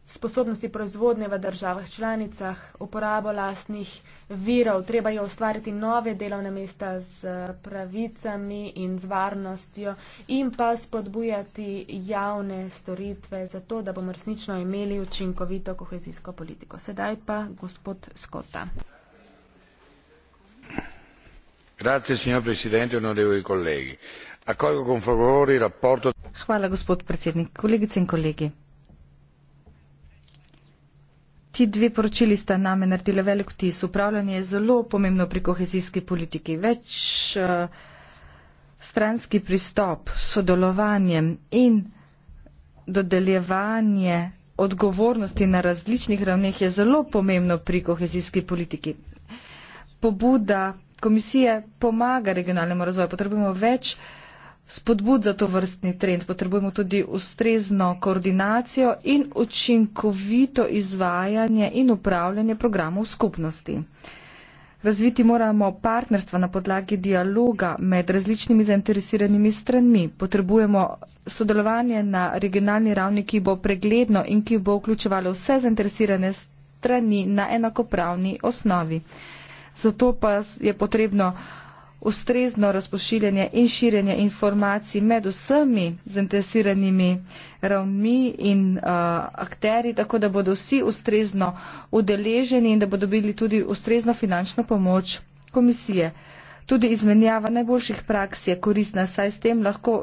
sposobnosti proizvodnje v državah članicah, uporabo lastnih virov, treba je ustvariti nove delovne mesta z pravicami in z varnostjo in pa spodbujati javne storitve za to, da bomo resnično imeli učinkovito kohezijsko politiko. Sedaj pa gospod Skota. Hvala, gospod predsednik, kolegice in kolegi. Ti dve poročili sta name naredile velik vtis. Upravljanje je zelo pomembno pri kohezijski politiki. Več eh, stranski pristop s sodelovanjem in dodeljevanje odgovornosti na različnih ravneh je zelo pomembno pri kohezijski politiki. Pobuda komisije pomaga regionalnemu razvoju. Potrebujemo več spodbud za to vrstni trend. Potrebujemo tudi ustrezno koordinacijo in učinkovito izvajanje in upravljanje programov skupnosti. Razviti moramo partnerstva na podlagi dialoga med različnimi zainteresiranimi stranmi. Potrebujemo sodelovanje na regionalni ravni, ki bo pregledno in ki bo vključevalo vse zainteresirane strani na enakopravni osnovi. Zato pa je potrebno ustrezno razpošiljanje in širjenje informacij med vsemi zainteresiranimi ravnmi in uh, akteri, tako da bodo vsi ustrezno udeleženi in da bodo dobili tudi ustrezno finančno pomoč komisije. Tudi izmenjava najboljših praks je koristna, saj s tem lahko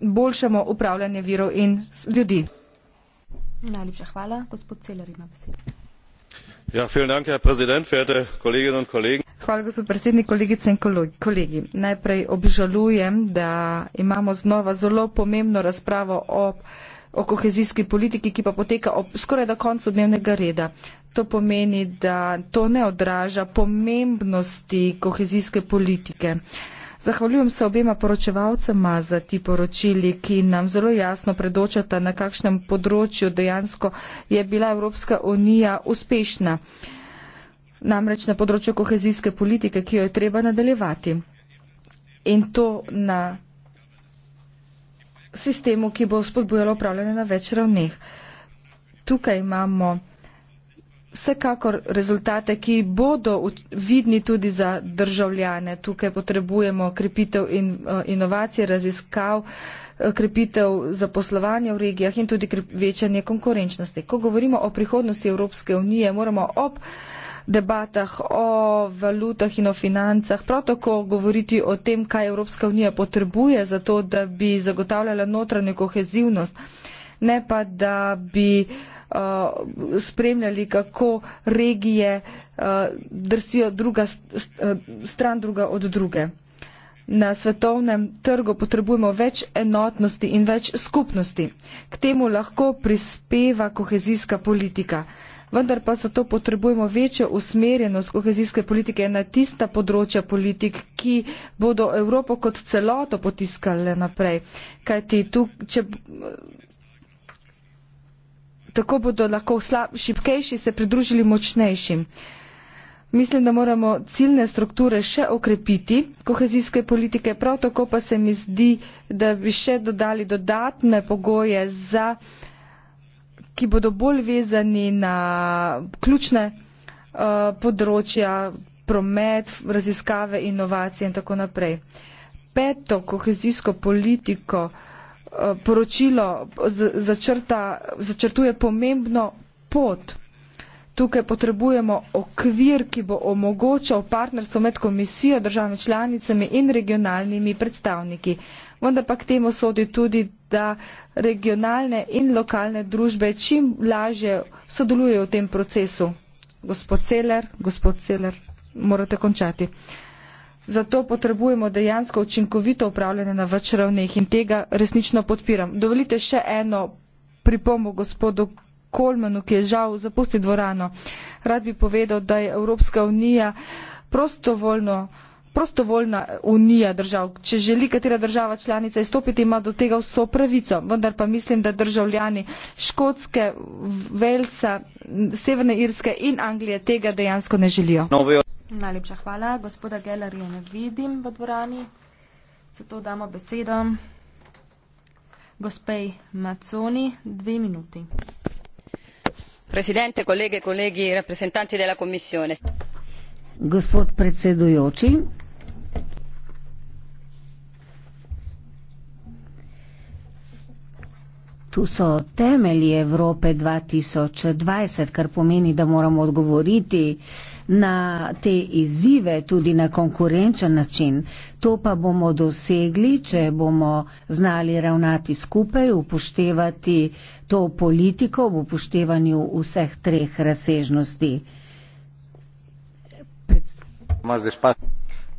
izboljšamo upravljanje virov in ljudi. Najlepša hvala, gospod Celer ima besedo. Ja, najprej obžalujem da imamo znova zelo pomembno razpravo o kohezijski politiki ki pa poteka ob skorajda koncu dnevnega reda to pomeni da to ne odraža pomembnosti kohezijske politike. Zahvaljujem se obema poročevalcema za ti poročili, ki nam zelo jasno predočata, na kakšnem področju dejansko je bila Evropska unija uspešna, namreč na področju kohezijske politike, ki jo je treba nadaljevati. In to na sistemu, ki bo spodbojalo upravljanje na več ravneh. Tukaj imamo Vsekakor rezultate, ki bodo vidni tudi za državljane. Tukaj potrebujemo krepitev in eh, inovacije, raziskav, eh, krepitev zaposlovanja v regijah in tudi večanje konkurenčnosti. Ko govorimo o prihodnosti Evropske unije, moramo ob debatah o valutah in o financah, prav tako govoriti o tem, kaj Evropska unija potrebuje za to, da bi zagotavljala notranjo kohezivnost, ne pa da bi uh, Eh, spremljali, kako regije eh, drsijo druga, eh, stran druga od druge. Na svetovnem trgu potrebujemo več enotnosti in več skupnosti. K temu lahko prispeva kohezijska politika. Vendar pa zato potrebujemo večjo usmerjenost kohezijske politike na tista področja politik, ki bodo Evropo kot celoto potiskale naprej. Kajti tu, če tako bodo lahko slab, šipkejši se pridružili močnejšim. Mislim, da moramo ciljne strukture še okrepiti, kohezijske politike, prav tako pa se mi zdi, da bi še dodali dodatne pogoje, za, ki bodo bolj vezani na ključne uh, področja, promet, raziskave, inovacije in tako naprej. Peto kohezijsko politiko uh, Eh, poročilo začrta, začrtuje pomembno pot. Tukaj potrebujemo okvir, ki bo omogočal partnerstvo med komisijo, državami članicami in regionalnimi predstavniki. Vendar pa k temu sodi tudi, da regionalne in lokalne družbe čim lažje sodelujejo v tem procesu. Gospod Celer, gospod Celer, morate končati. Uh, Zato potrebujemo dejansko učinkovito upravljanje na več ravneh in tega resnično podpiram. Dovolite še eno pripombo gospodu Kolmenu, ki je žal zapustil dvorano. Rad bi povedal, da je Evropska unija prostovoljno prostovoljna unija držav. Če želi katera država članica izstopiti, ima do tega vso pravico. Vendar pa mislim, da državljani Škotske, Velsa, Severne Irske in Anglije tega dejansko ne želijo. No, Najlepša hvala. Gospoda Gellerja ne vidim v dvorani, zato damo besedo gospej Maconi dve minuti. Presidente, kolege, kolegi, reprezentanti dela komisije. Gospod predsedujoči, tu so temelji Evrope 2020, kar pomeni, da moramo odgovoriti uh, na te izzive tudi na konkurenčen način. To pa bomo dosegli, če bomo znali ravnati skupaj, upoštevati to politiko v upoštevanju vseh treh razsežnosti. Pred...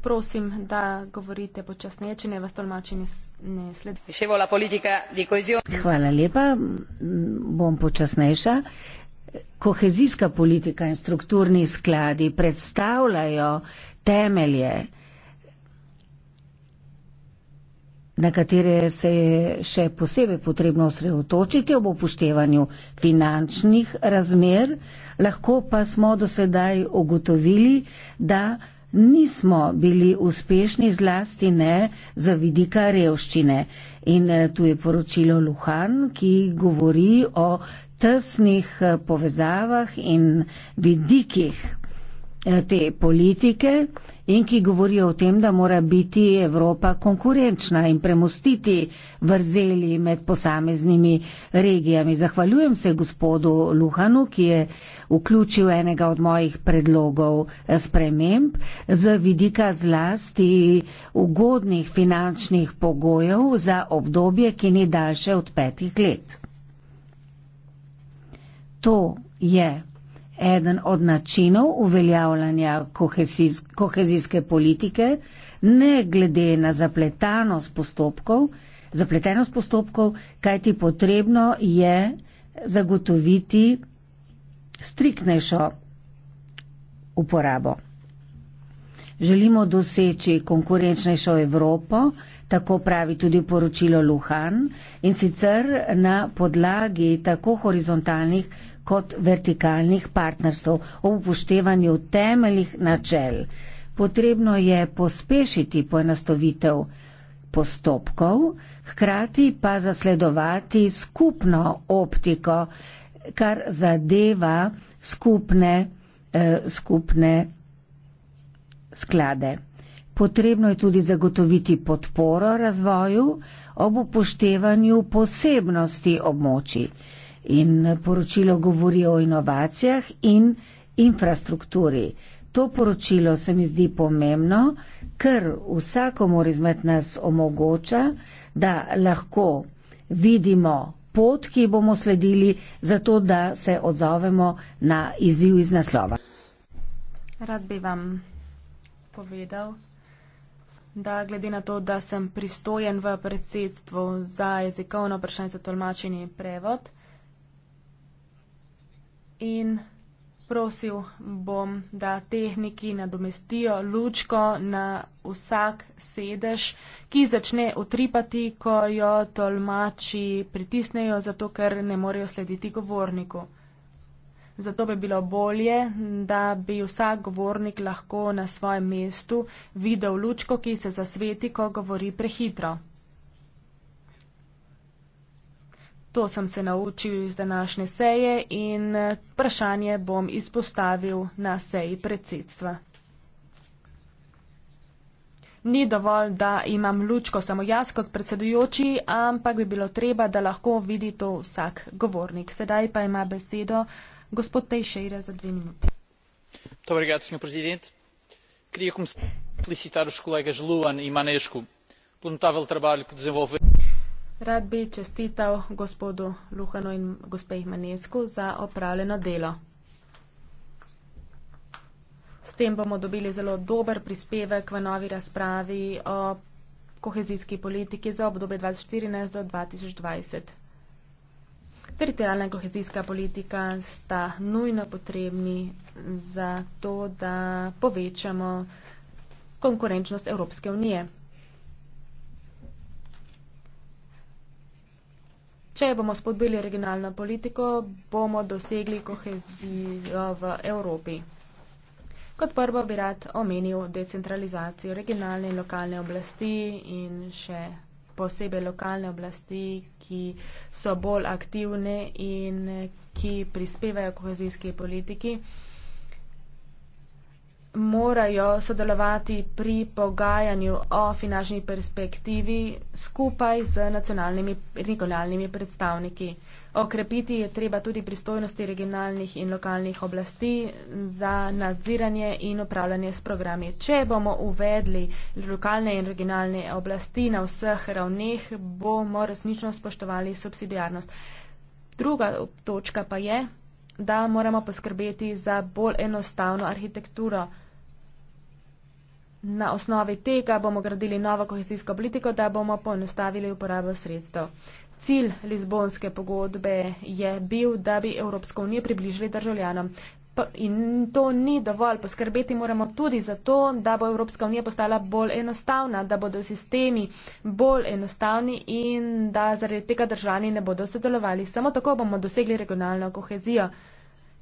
Prosim, da govorite počasneje, če ne vas tolmači ne sledi. Hvala lepa, bom počasnejša kohezijska politika in strukturni skladi predstavljajo temelje, na katere se je še posebej potrebno osredotočiti ob upoštevanju finančnih razmer, lahko pa smo do sedaj ugotovili, da nismo bili uspešni zlasti ne za vidika revščine. In eh, tu je poročilo Luhan, ki govori o tesnih eh, povezavah in vidikih Eh, te politike in ki govorijo o tem, da mora biti Evropa konkurenčna in premustiti vrzeli med posameznimi regijami. Zahvaljujem se gospodu Luhanu, ki je vključil enega od mojih predlogov eh, sprememb z vidika zlasti ugodnih finančnih pogojev za obdobje, ki ni daljše od petih let. To je eden od načinov uveljavljanja kohezijs kohezijske politike, ne glede na zapletenost postopkov, zapletenost postopkov, kaj ti potrebno je zagotoviti striknejšo uporabo. Želimo doseči konkurenčnejšo Evropo, tako pravi tudi poročilo Luhan, in sicer na podlagi tako horizontalnih kot vertikalnih partnerstv ob upoštevanju temeljih načel. Potrebno je pospešiti poenostavitev postopkov, hkrati pa zasledovati skupno optiko, kar zadeva skupne, eh, skupne sklade. Potrebno je tudi zagotoviti podporo razvoju ob upoštevanju posebnosti območij. In poročilo govori o inovacijah in infrastrukturi. To poročilo se mi zdi pomembno, ker vsakomor izmed nas omogoča, da lahko vidimo pot, ki bomo sledili, zato da se odzovemo na izziv iz naslova. Rad bi vam povedal, da glede na to, da sem pristojen v predsedstvu za jezikovno vprašanje za tolmačenje in prevod, in prosil bom, da tehniki nadomestijo lučko na vsak sedež, ki začne utripati, ko jo tolmači pritisnejo, zato ker ne morejo slediti govorniku. Zato bi bilo bolje, da bi vsak govornik lahko na svojem mestu videl lučko, ki se zasveti, ko govori prehitro. To sem se naučil iz današnje seje in eh, vprašanje bom izpostavil na seji predsedstva. Ni dovolj, da imam lučko samo jaz kot predsedujoči, ampak bi bilo treba, da lahko vidi to vsak govornik. Sedaj pa ima besedo gospod Tejšejra za dve minuti. Obrigado, senhor presidente. Queria começar a felicitar os colegas Luan e Manescu pelo notável trabalho que desenvolveram. Rad bi čestital gospodu Luhanu in gospej Manesku za opravljeno delo. S tem bomo dobili zelo dober prispevek v novi razpravi o kohezijski politiki za obdobje 2014 do 2020. Teritorijalna in kohezijska politika sta nujno potrebni za to, da povečamo konkurenčnost Evropske unije. Če bomo spodbili regionalno politiko, bomo dosegli kohezijo v Evropi. Kot prvo bi rad omenil decentralizacijo regionalne in lokalne oblasti in še posebej lokalne oblasti, ki so bolj aktivne in ki prispevajo kohezijski politiki. Uh, morajo sodelovati pri pogajanju o finančni perspektivi skupaj z nacionalnimi regionalnimi predstavniki. Okrepiti je treba tudi pristojnosti regionalnih in lokalnih oblasti za nadziranje in upravljanje s programi. Če bomo uvedli lokalne in regionalne oblasti na vseh ravneh, bomo resnično spoštovali subsidijarnost. Druga točka pa je, da moramo poskrbeti za bolj enostavno arhitekturo. Na osnovi tega bomo gradili novo kohezijsko politiko, da bomo poenostavili uporabo sredstev. Cilj Lizbonske pogodbe je bil, da bi Evropsko unijo približili državljanom. In to ni dovolj. Poskrbeti moramo tudi za to, da bo Evropska unija postala bolj enostavna, da bodo sistemi bolj enostavni in da zaradi tega državljani ne bodo sodelovali. Samo tako bomo dosegli regionalno kohezijo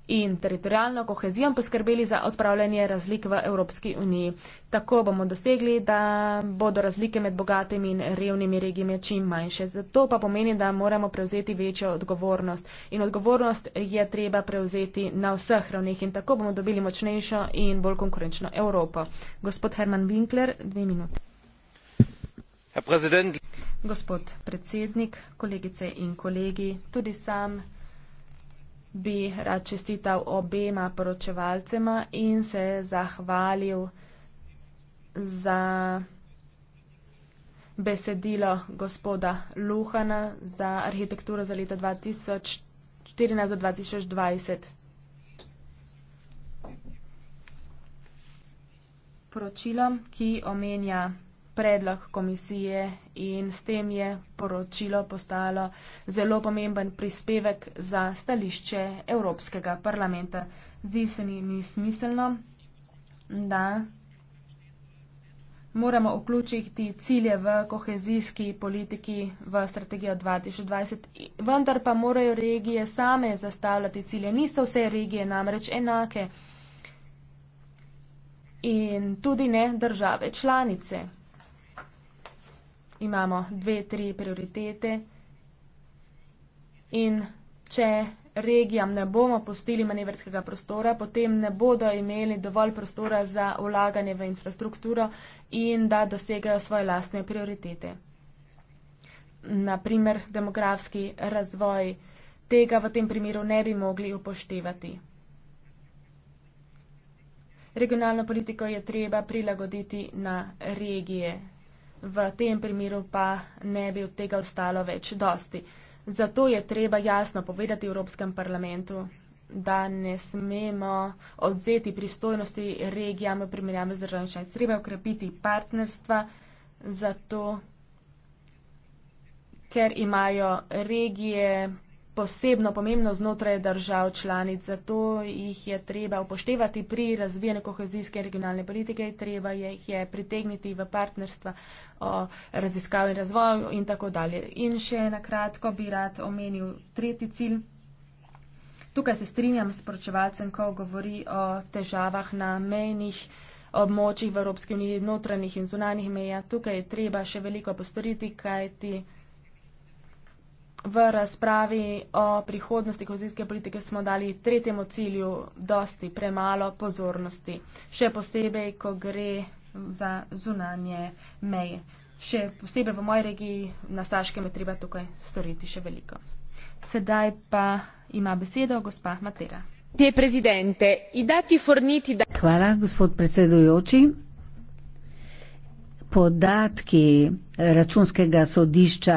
in teritorijalno kohezijo poskrbeli za odpravljanje razlik v Evropski uniji. Tako bomo dosegli, da bodo razlike med bogatimi in revnimi regijami čim manjše. Zato pa pomeni, da moramo prevzeti večjo odgovornost. In odgovornost je treba prevzeti na vseh ravneh in tako bomo dobili močnejšo in bolj konkurenčno Evropo. Gospod Herman Winkler, dve minute. Gospod predsednik, kolegice in kolegi, tudi sam bi rad čestital obema poročevalcema in se zahvalil za besedilo gospoda Luhana za arhitekturo za leto 2014 do 2020. Poročilo, ki omenja predlog komisije in s tem je poročilo postalo zelo pomemben prispevek za stališče Evropskega parlamenta. Zdi se mi ni smiselno, da moramo vključiti cilje v kohezijski politiki v strategijo 2020, vendar pa morajo regije same zastavljati cilje. Niso vse regije namreč enake. In tudi ne države članice imamo dve, tri prioritete. In če regijam ne bomo postili manevrskega prostora, potem ne bodo imeli dovolj prostora za ulaganje v infrastrukturo in da dosegajo svoje lastne prioritete. Naprimer, demografski razvoj tega v tem primeru ne bi mogli upoštevati. Regionalno politiko je treba prilagoditi na regije v tem primeru pa ne bi od tega ostalo več dosti. Zato je treba jasno povedati Evropskem parlamentu, da ne smemo odzeti pristojnosti regijam v primerjavi z državami članic. Treba ukrepiti partnerstva, zato, ker imajo regije posebno pomembno znotraj držav članic. Zato jih je treba upoštevati pri razvijanju kohezijske regionalne politike, treba jih je pritegniti v partnerstva o raziskavi in razvoju in tako dalje. In še na kratko bi rad omenil tretji cilj. Tukaj se strinjam s poročevalcem, ko govori o težavah na mejnih območjih v Evropski uniji, notranjih in zunanjih meja. Tukaj je treba še veliko postoriti, kajti v razpravi o prihodnosti kozijske politike smo dali tretjemu cilju dosti premalo pozornosti, še posebej, ko gre za zunanje meje. Še posebej v moji regiji, na Saškem, je treba tukaj storiti še veliko. Sedaj pa ima besedo gospa Matera. Hvala, gospod predsedujoči podatki računskega sodišča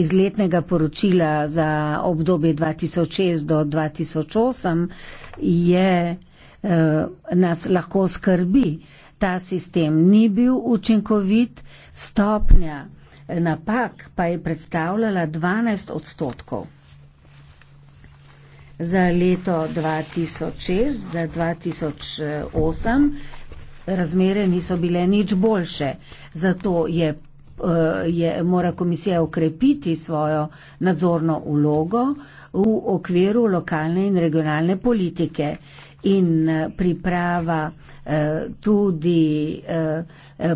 iz letnega poročila za obdobje 2006 do 2008 je eh, nas lahko skrbi. Ta sistem ni bil učinkovit, stopnja napak pa je predstavljala 12 odstotkov. Za leto 2006, za 2008 razmere niso bile nič boljše. Zato je, eh, je, mora komisija ukrepiti svojo nadzorno ulogo v okviru lokalne in regionalne politike in eh, priprava eh, tudi eh,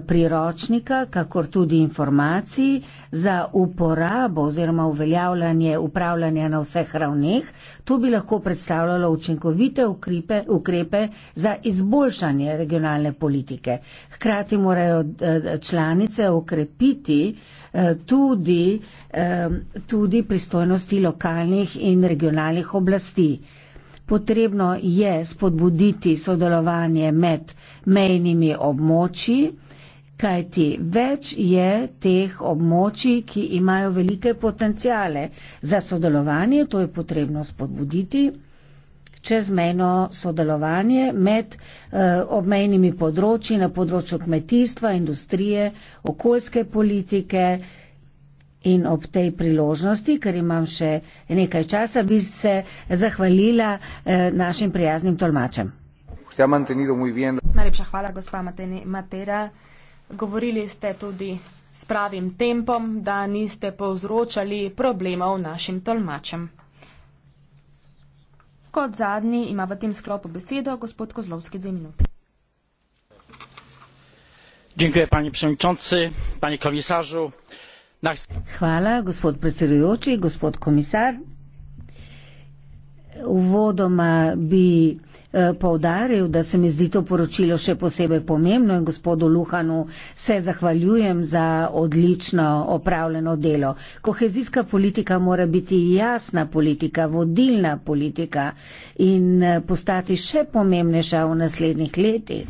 priročnika, kakor tudi informacij za uporabo oziroma uveljavljanje upravljanja na vseh ravneh. To bi lahko predstavljalo učinkovite ukrepe, ukrepe za izboljšanje regionalne politike. Hkrati morajo članice okrepiti tudi, tudi pristojnosti lokalnih in regionalnih oblasti potrebno je spodbuditi sodelovanje med mejnimi območji, kajti več je teh območij, ki imajo velike potencijale za sodelovanje, to je potrebno spodbuditi čezmejno sodelovanje med eh, obmejnimi področji na področju kmetijstva, industrije, okoljske politike, eh, In ob tej priložnosti, ker imam še nekaj časa, bi se zahvalila eh, našim prijaznim tolmačem. Najlepša hvala, gospa Matera. Govorili ste tudi s pravim tempom, da niste povzročali problemov našim tolmačem. Kot zadnji ima v tem sklopu besedo gospod Kozlovski dve minute. Dziękuję panie przewodniczący, panie komisarzu. Hvala, gospod predsedujoči, gospod komisar. Uvodoma bi Eh, povdaril, da se mi zdi to poročilo še posebej pomembno in gospodu Luhanu se zahvaljujem za odlično opravljeno delo. Kohezijska politika mora biti jasna politika, vodilna politika in eh, postati še pomembnejša v naslednjih letih.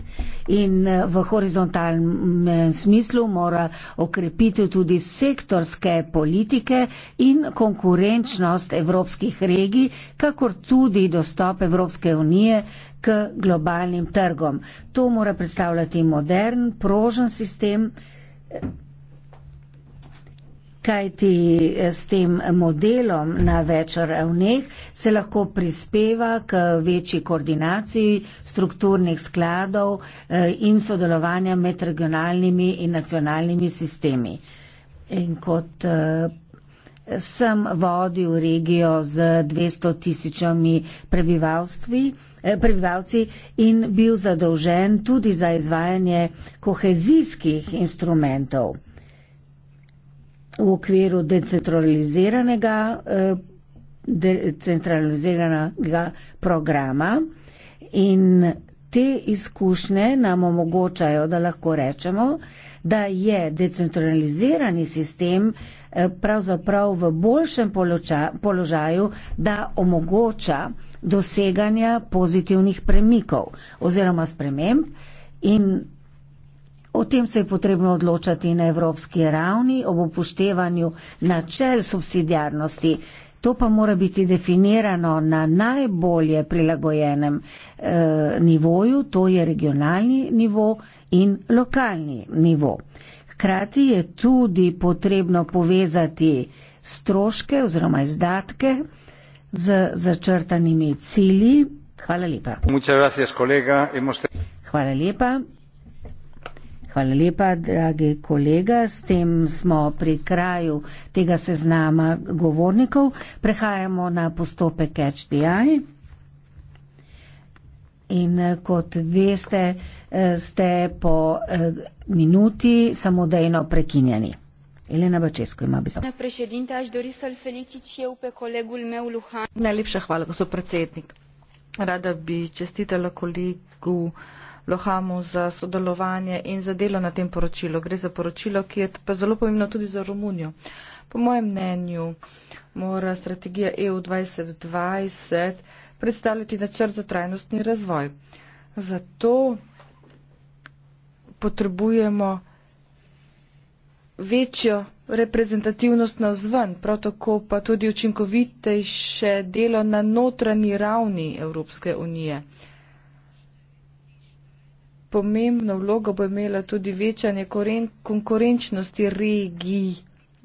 In eh, v horizontalnem smislu mora okrepiti tudi sektorske politike in konkurenčnost evropskih regij, kakor tudi dostop Evropske unije k globalnim trgom. To mora predstavljati modern, prožen sistem, kajti s tem modelom na več ravneh se lahko prispeva k večji koordinaciji strukturnih skladov eh, in sodelovanja med regionalnimi in nacionalnimi sistemi. In kot eh, sem vodil regijo z 200 tisočami prebivalstvi, Eh, prebivalci in bil zadolžen tudi za izvajanje kohezijskih instrumentov v okviru decentraliziranega, eh, decentraliziranega programa. In te izkušnje nam omogočajo, da lahko rečemo, da je decentralizirani sistem eh, pravzaprav v boljšem položaju, da omogoča doseganja pozitivnih premikov oziroma sprememb in O tem se je potrebno odločati na evropski ravni ob upoštevanju načel subsidijarnosti. To pa mora biti definirano na najbolje prilagojenem e, nivoju, to je regionalni nivo in lokalni nivo. Hkrati je tudi potrebno povezati stroške oziroma izdatke z začrtanimi cilji. Hvala lepa. Hvala lepa. Hvala lepa, dragi kolega. S tem smo pri kraju tega seznama govornikov. Prehajamo na postopek HDI. In eh, kot veste, eh, ste po eh, minuti samodejno prekinjeni. Elena Băcescu ima besedo. Gospod predsednik, aš dori se felicit še v pe kolegul meu Luhan. Najlepša hvala, gospod predsednik. Rada bi čestitela kolegu Lohamu za sodelovanje in za delo na tem poročilu. Gre za poročilo, ki je pa zelo pomembno tudi za Romunijo. Po mojem mnenju mora strategija EU 2020 predstavljati načrt za trajnostni razvoj. Zato potrebujemo večjo reprezentativnost na vzven, prav tako pa tudi učinkovitejše delo na notranji ravni Evropske unije. Pomembno vlogo bo imela tudi večanje konkurenčnosti regij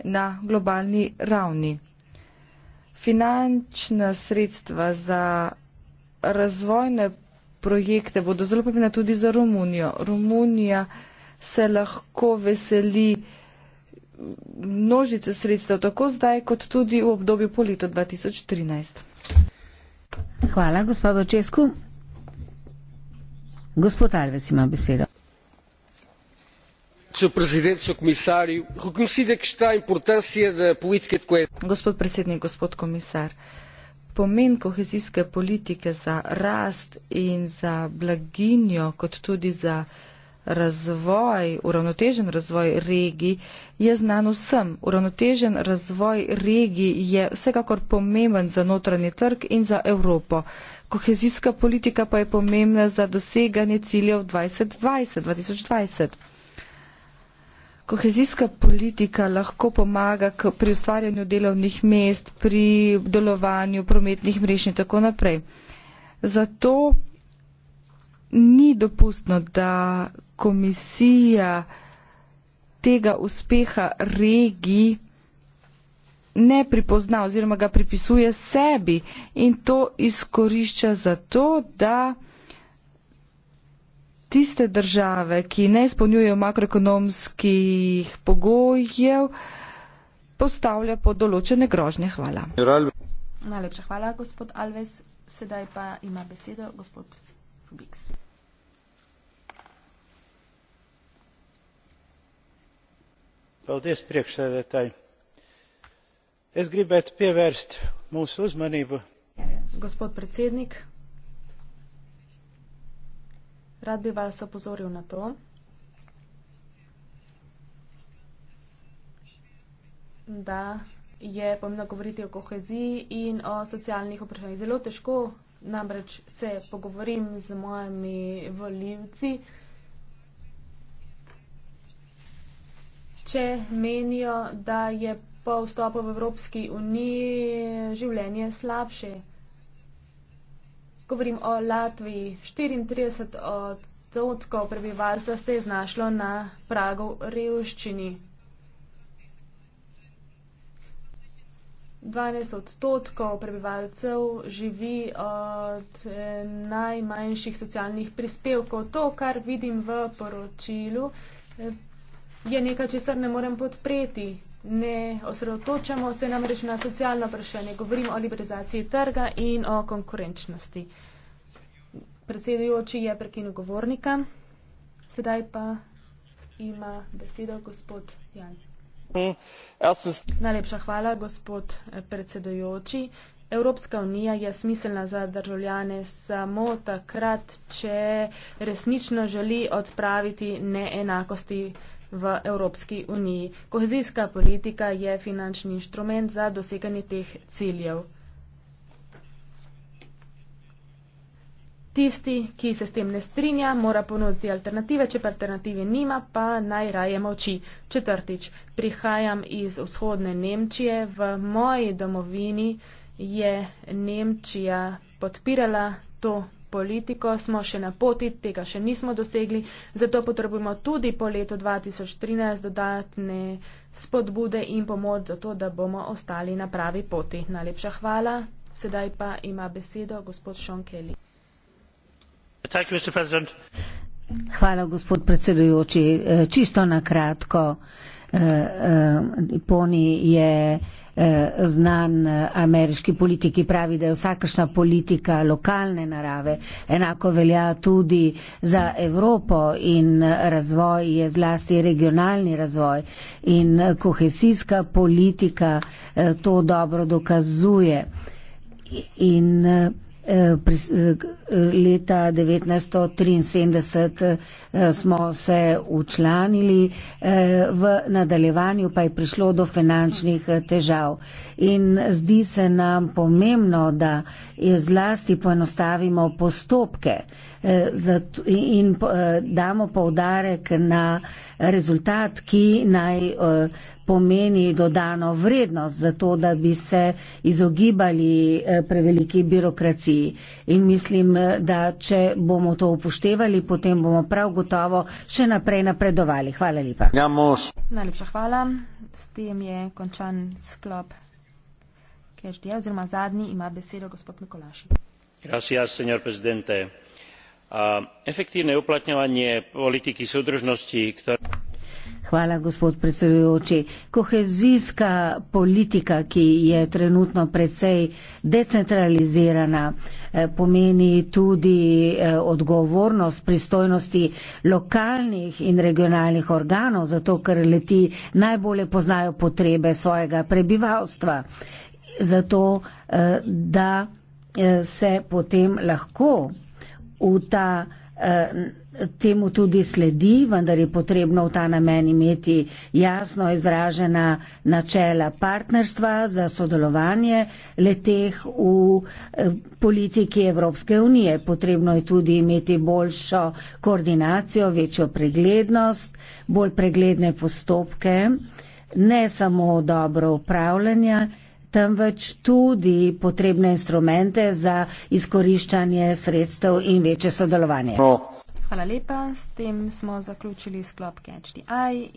na globalni ravni. Finančna sredstva za razvojne projekte bodo zelo pomembna tudi za Romunijo. Romunija se lahko veseli množice sredstev, tako zdaj, kot tudi v obdobju po letu 2013. Hvala, gospod Vočesku. Gospod Alves ima besedo. Gospod predsednik, gospod komisar, pomen kohezijske politike za rast in za blaginjo, kot tudi za razvoj, uravnotežen razvoj regij je znan vsem. Uravnotežen razvoj regij je vsekakor pomemben za notranji trg in za Evropo. Kohezijska politika pa je pomembna za doseganje ciljev 2020. 2020. Kohezijska politika lahko pomaga k, pri ustvarjanju delovnih mest, pri delovanju prometnih mrež in tako naprej. Zato ni dopustno, da komisija tega uspeha regij ne pripozna oziroma ga pripisuje sebi in to izkorišča zato, da tiste države, ki ne izpolnjujejo makroekonomskih pogojev, postavlja pod določene grožnje. Hvala. Najlepša hvala, gospod Alves. Sedaj pa ima besedo gospod Kubiks. Paldies, priekšsēdētāji. Es gribētu pievērst mūsu uzmanību. Gospod predsēdnik, rad bi vas opozoril na to. da je pomembno govoriti o koheziji in o socialnih vprašanjih. Zelo težko Namreč se pogovorim z mojimi voljivci, če menijo, da je po vstopu v Evropski uniji življenje slabše. Govorim o Latviji. 34 odstotkov prebivalstva se je znašlo na pragu revščini. 12 odstotkov prebivalcev živi od eh, najmanjših socialnih prispevkov. To, kar vidim v poročilu, eh, je nekaj, česar ne morem podpreti. Ne osredotočamo se namreč na socialno vprašanje. Govorim o liberalizaciji trga in o konkurenčnosti. Predsedujoči je prekinil govornika. Sedaj pa ima besedo gospod Jan. Najlepša hvala, gospod predsedujoči. Evropska unija je smiselna za državljane samo takrat, če resnično želi odpraviti neenakosti v Evropski uniji. Kohezijska politika je finančni inštrument za doseganje teh ciljev. Tisti, ki se s tem ne strinja, mora ponuditi alternative, če pa alternative nima, pa naj raje moči. Četrtič, prihajam iz vzhodne Nemčije, v moji domovini je Nemčija podpirala to politiko, smo še na poti, tega še nismo dosegli, zato potrebujemo tudi po letu 2013 dodatne spodbude in pomoč za to, da bomo ostali na pravi poti. Najlepša hvala, sedaj pa ima besedo gospod Šonkeli. Hvala, gospod predsedujoči. E, čisto na kratko. E, e, Poni je znan ameriški politik, ki pravi, da je vsakašna politika lokalne narave. Enako velja tudi za Evropo in razvoj je zlasti regionalni razvoj. In kohesijska politika to dobro dokazuje. In Eh, eh, eh, leta 1973 smo se učlanili, v nadaljevanju pa je prišlo do finančnih težav. In zdi se nam pomembno, da zlasti poenostavimo postopke, Eh, in eh, damo povdarek na rezultat, ki naj eh, pomeni dodano vrednost za to, da bi se izogibali preveliki birokraciji. In mislim, da če bomo to upoštevali, potem bomo prav gotovo še naprej napredovali. Hvala lepa. Najlepša hvala. S tem je končan sklop. Ker je oziroma zadnji ima besedo gospod Mikolaš. Gracias, señor presidente. Eh, efektívne uplatňovanie politiky súdržnosti ktoré Hvala, gospod predsedujoči. Kohezijska politika, ki je trenutno predvsej decentralizirana, eh, pomeni tudi eh, odgovornost pristojnosti lokalnih in regionalnih organov, zato ker leti najbolje poznajo potrebe svojega prebivalstva. Zato, da se potem lahko v ta, eh, temu tudi sledi, vendar je potrebno v ta namen imeti jasno izražena načela partnerstva za sodelovanje leteh v eh, politiki Evropske unije. Potrebno je tudi imeti boljšo koordinacijo, večjo preglednost, bolj pregledne postopke, ne samo dobro upravljanje, temveč tudi potrebne instrumente za izkoriščanje sredstev in večje sodelovanje. No. Hvala lepa, s tem smo zaključili sklop CHDI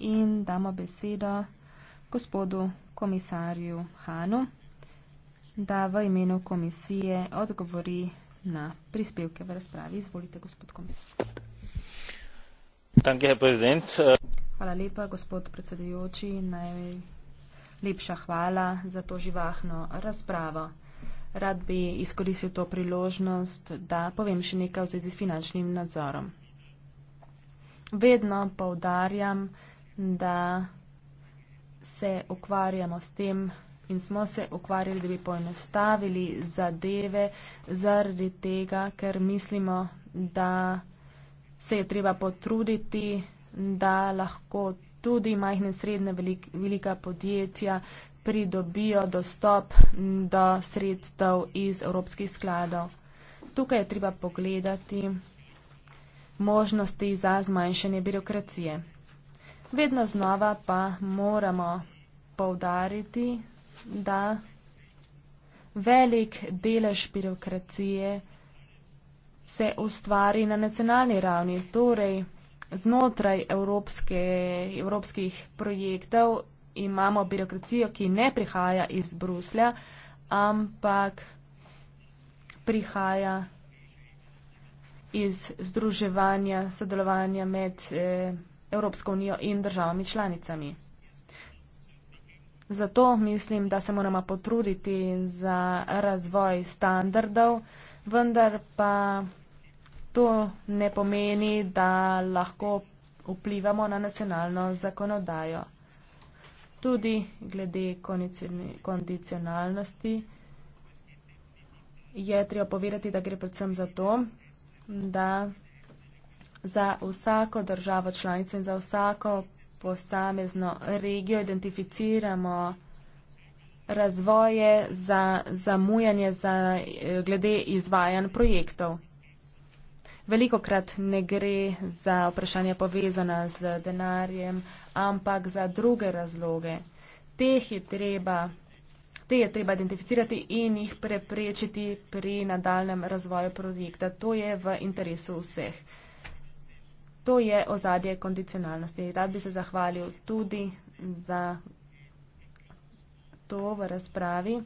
in damo besedo gospodu komisarju Hanu, da v imenu komisije odgovori na prispevke v razpravi. Izvolite, gospod komisar. Hvala lepa, gospod predsedujoči. Naj Lepša hvala za to živahno razpravo. Rad bi izkoristil to priložnost, da povem še nekaj v zvezi s finančnim nadzorom. Vedno povdarjam, da se ukvarjamo s tem in smo se ukvarjali, da bi poenostavili zadeve zaradi tega, ker mislimo, da se je treba potruditi, da lahko tudi majhne in srednje velik, velika podjetja pridobijo dostop do sredstev iz evropskih skladov. Tukaj je treba pogledati možnosti za zmanjšanje birokracije. Vedno znova pa moramo povdariti, da velik delež birokracije se ustvari na nacionalni ravni, torej znotraj evropske, evropskih projektov imamo birokracijo, ki ne prihaja iz Bruslja, ampak prihaja iz združevanja, sodelovanja med eh, Evropsko unijo in državami članicami. Zato mislim, da se moramo potruditi za razvoj standardov, vendar pa To ne pomeni, da lahko vplivamo na nacionalno zakonodajo. Tudi glede kondicionalnosti je treba povedati, da gre predvsem za to, da za vsako državo članico in za vsako posamezno regijo identificiramo razvoje za zamujanje za, glede izvajanj projektov veliko krat ne gre za vprašanja povezana z denarjem, ampak za druge razloge. Teh je treba, te je treba identificirati in jih preprečiti pri nadaljem razvoju projekta. To je v interesu vseh. To je ozadje kondicionalnosti. Rad bi se zahvalil tudi za to v razpravi,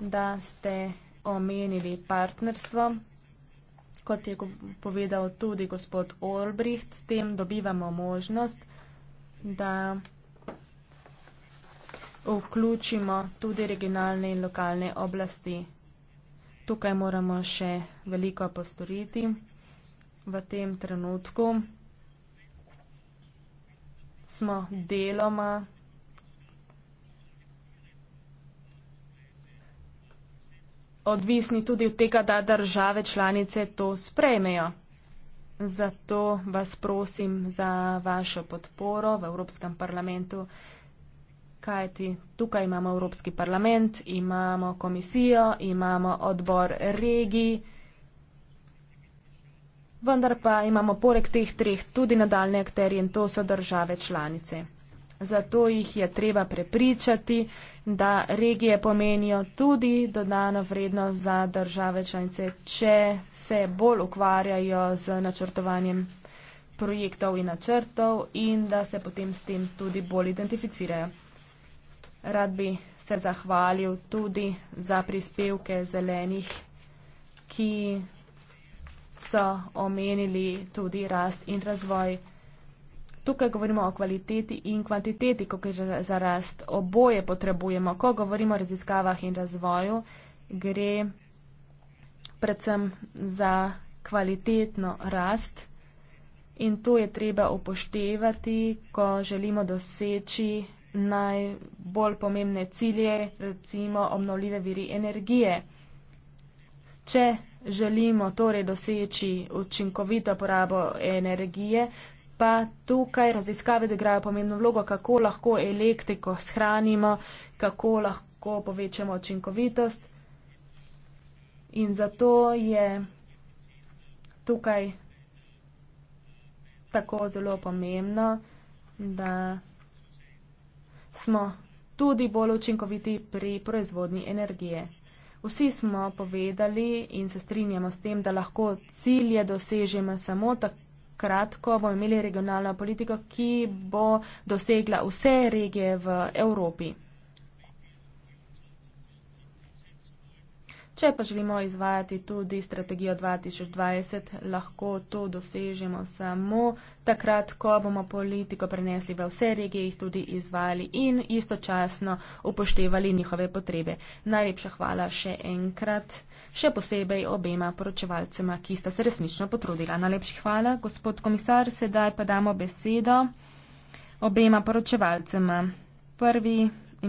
da ste omenili partnerstvo kot je povedal tudi gospod Olbricht, s tem dobivamo možnost, da vključimo tudi regionalne in lokalne oblasti. Tukaj moramo še veliko postoriti v tem trenutku. Smo deloma odvisni tudi od tega, da države članice to sprejmejo. Zato vas prosim za vašo podporo v Evropskem parlamentu. Kajti tukaj imamo Evropski parlament, imamo komisijo, imamo odbor regij, vendar pa imamo poleg teh treh tudi nadaljne akterje in to so države članice. Zato jih je treba prepričati, da regije pomenijo tudi dodano vrednost za države članice, če se bolj ukvarjajo z načrtovanjem projektov in načrtov in da se potem s tem tudi bolj identificirajo. Rad bi se zahvalil tudi za prispevke zelenih, ki so omenili tudi rast in razvoj. Tukaj govorimo o kvaliteti in kvantiteti, kako je za rast. Oboje potrebujemo. Ko govorimo o raziskavah in razvoju, gre predvsem za kvalitetno rast in to je treba upoštevati, ko želimo doseči najbolj pomembne cilje, recimo obnovljive viri energije. Če želimo torej doseči učinkovito porabo energije, pa tukaj raziskave igrajo pomembno vlogo, kako lahko elektriko shranimo, kako lahko povečamo očinkovitost. In zato je tukaj tako zelo pomembno, da smo tudi bolj učinkoviti pri proizvodni energije. Vsi smo povedali in se strinjamo s tem, da lahko cilje dosežemo samo tako, kratko bomo imeli regionalno politiko, ki bo dosegla vse regije v Evropi. Če pa želimo izvajati tudi strategijo 2020, lahko to dosežemo samo takrat, ko bomo politiko prenesli v vse regije, jih tudi izvali in istočasno upoštevali njihove potrebe. Najlepša hvala še enkrat, še posebej obema poročevalcema, ki sta se resnično potrudila. Najlepši hvala, gospod komisar, sedaj pa damo besedo obema poročevalcema. Prvi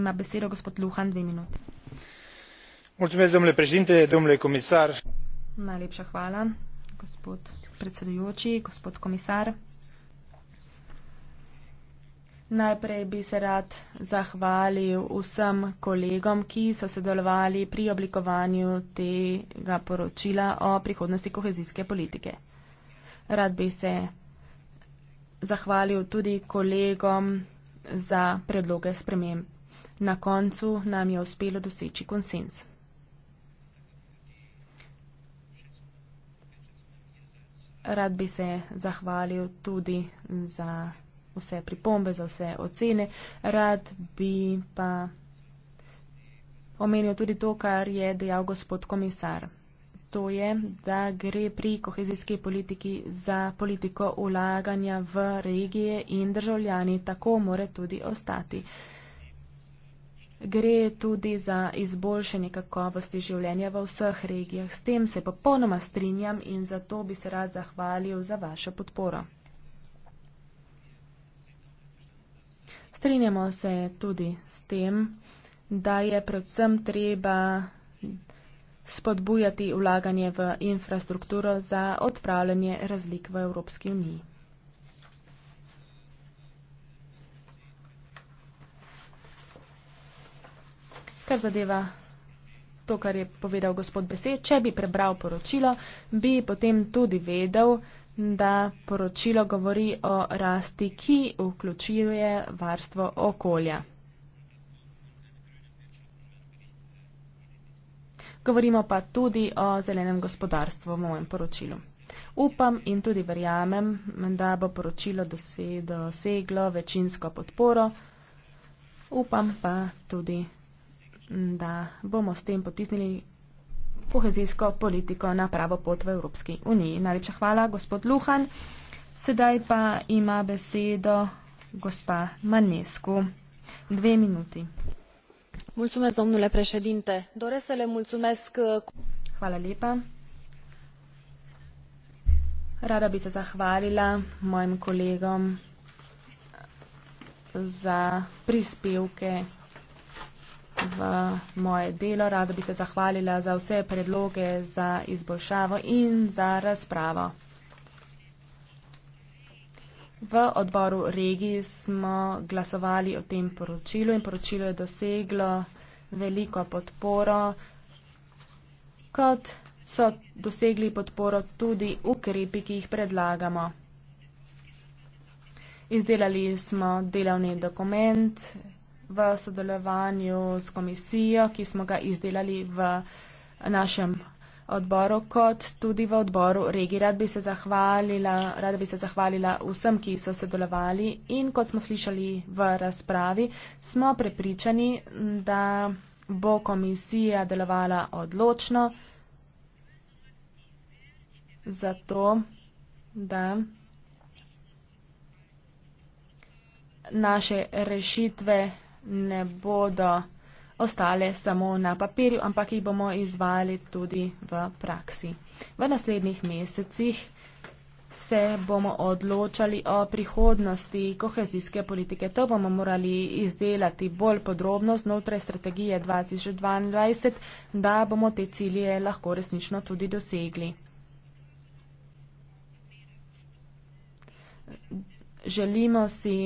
ima besedo gospod Luhan, dve minuti. Najlepša hvala, gospod predsedujoči, gospod komisar. Najprej bi se rad zahvalil vsem kolegom, ki so sodelovali pri oblikovanju tega poročila o prihodnosti kohezijske politike. Rad bi se zahvalil tudi kolegom za predloge sprememb. Na koncu nam je uspelo doseči konsens. rad bi se zahvalil tudi za vse pripombe, za vse ocene. Rad bi pa omenil tudi to, kar je dejal gospod komisar. To je, da gre pri kohezijski politiki za politiko ulaganja v regije in državljani tako more tudi ostati gre tudi za izboljšanje kakovosti življenja v vseh regijah. S tem se popolnoma strinjam in zato bi se rad zahvalil za vašo podporo. Strinjamo se tudi s tem, da je predvsem treba spodbujati ulaganje v infrastrukturo za odpravljanje razlik v Evropski uniji. kar zadeva to, kar je povedal gospod Besed. Če bi prebral poročilo, bi potem tudi vedel, da poročilo govori o rasti, ki vključuje varstvo okolja. Govorimo pa tudi o zelenem gospodarstvu v mojem poročilu. Upam in tudi verjamem, da bo poročilo doseglo večinsko podporo. Upam pa tudi, da bomo s tem potisnili kohezijsko politiko na pravo pot v Evropski uniji. Najlepša hvala, gospod Luhan. Sedaj pa ima besedo gospa Manesku. Dve minuti. Mulțumesc, domnule președinte. Doresc să le mulțumesc... Uh, hvala lepa. Rada bi se zahvalila mojim kolegom za prispevke v moje delo. Rada bi se zahvalila za vse predloge za izboljšavo in za razpravo. V odboru regiji smo glasovali o tem poročilu in poročilo je doseglo veliko podporo, kot so dosegli podporo tudi ukrepi, ki jih predlagamo. Izdelali smo delovni dokument, v sodelovanju s komisijo, ki smo ga izdelali v našem odboru, kot tudi v odboru regij. Rad bi se zahvalila, rad bi se zahvalila vsem, ki so sodelovali in kot smo slišali v razpravi, smo prepričani, da bo komisija delovala odločno. Zato, da naše rešitve ne bodo ostale samo na papirju, ampak jih bomo izvali tudi v praksi. V naslednjih mesecih se bomo odločali o prihodnosti kohezijske politike. To bomo morali izdelati bolj podrobno znotraj strategije 2022, da bomo te cilje lahko resnično tudi dosegli. Želimo si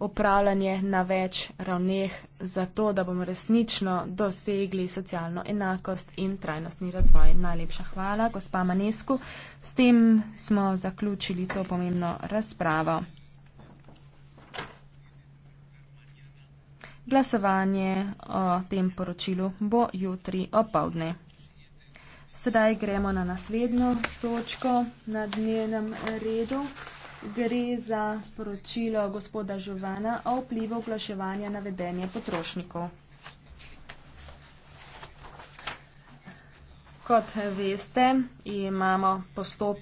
upravljanje na več ravneh, zato da bomo resnično dosegli socialno enakost in trajnostni razvoj. Najlepša hvala, gospa Manesku. S tem smo zaključili to pomembno razpravo. Glasovanje o tem poročilu bo jutri opovdne. Sedaj gremo na naslednjo točko na dnevnem redu gre za poročilo gospoda Žovana o vplivu oglaševanja na vedenje potrošnikov. Kot veste, imamo postopek.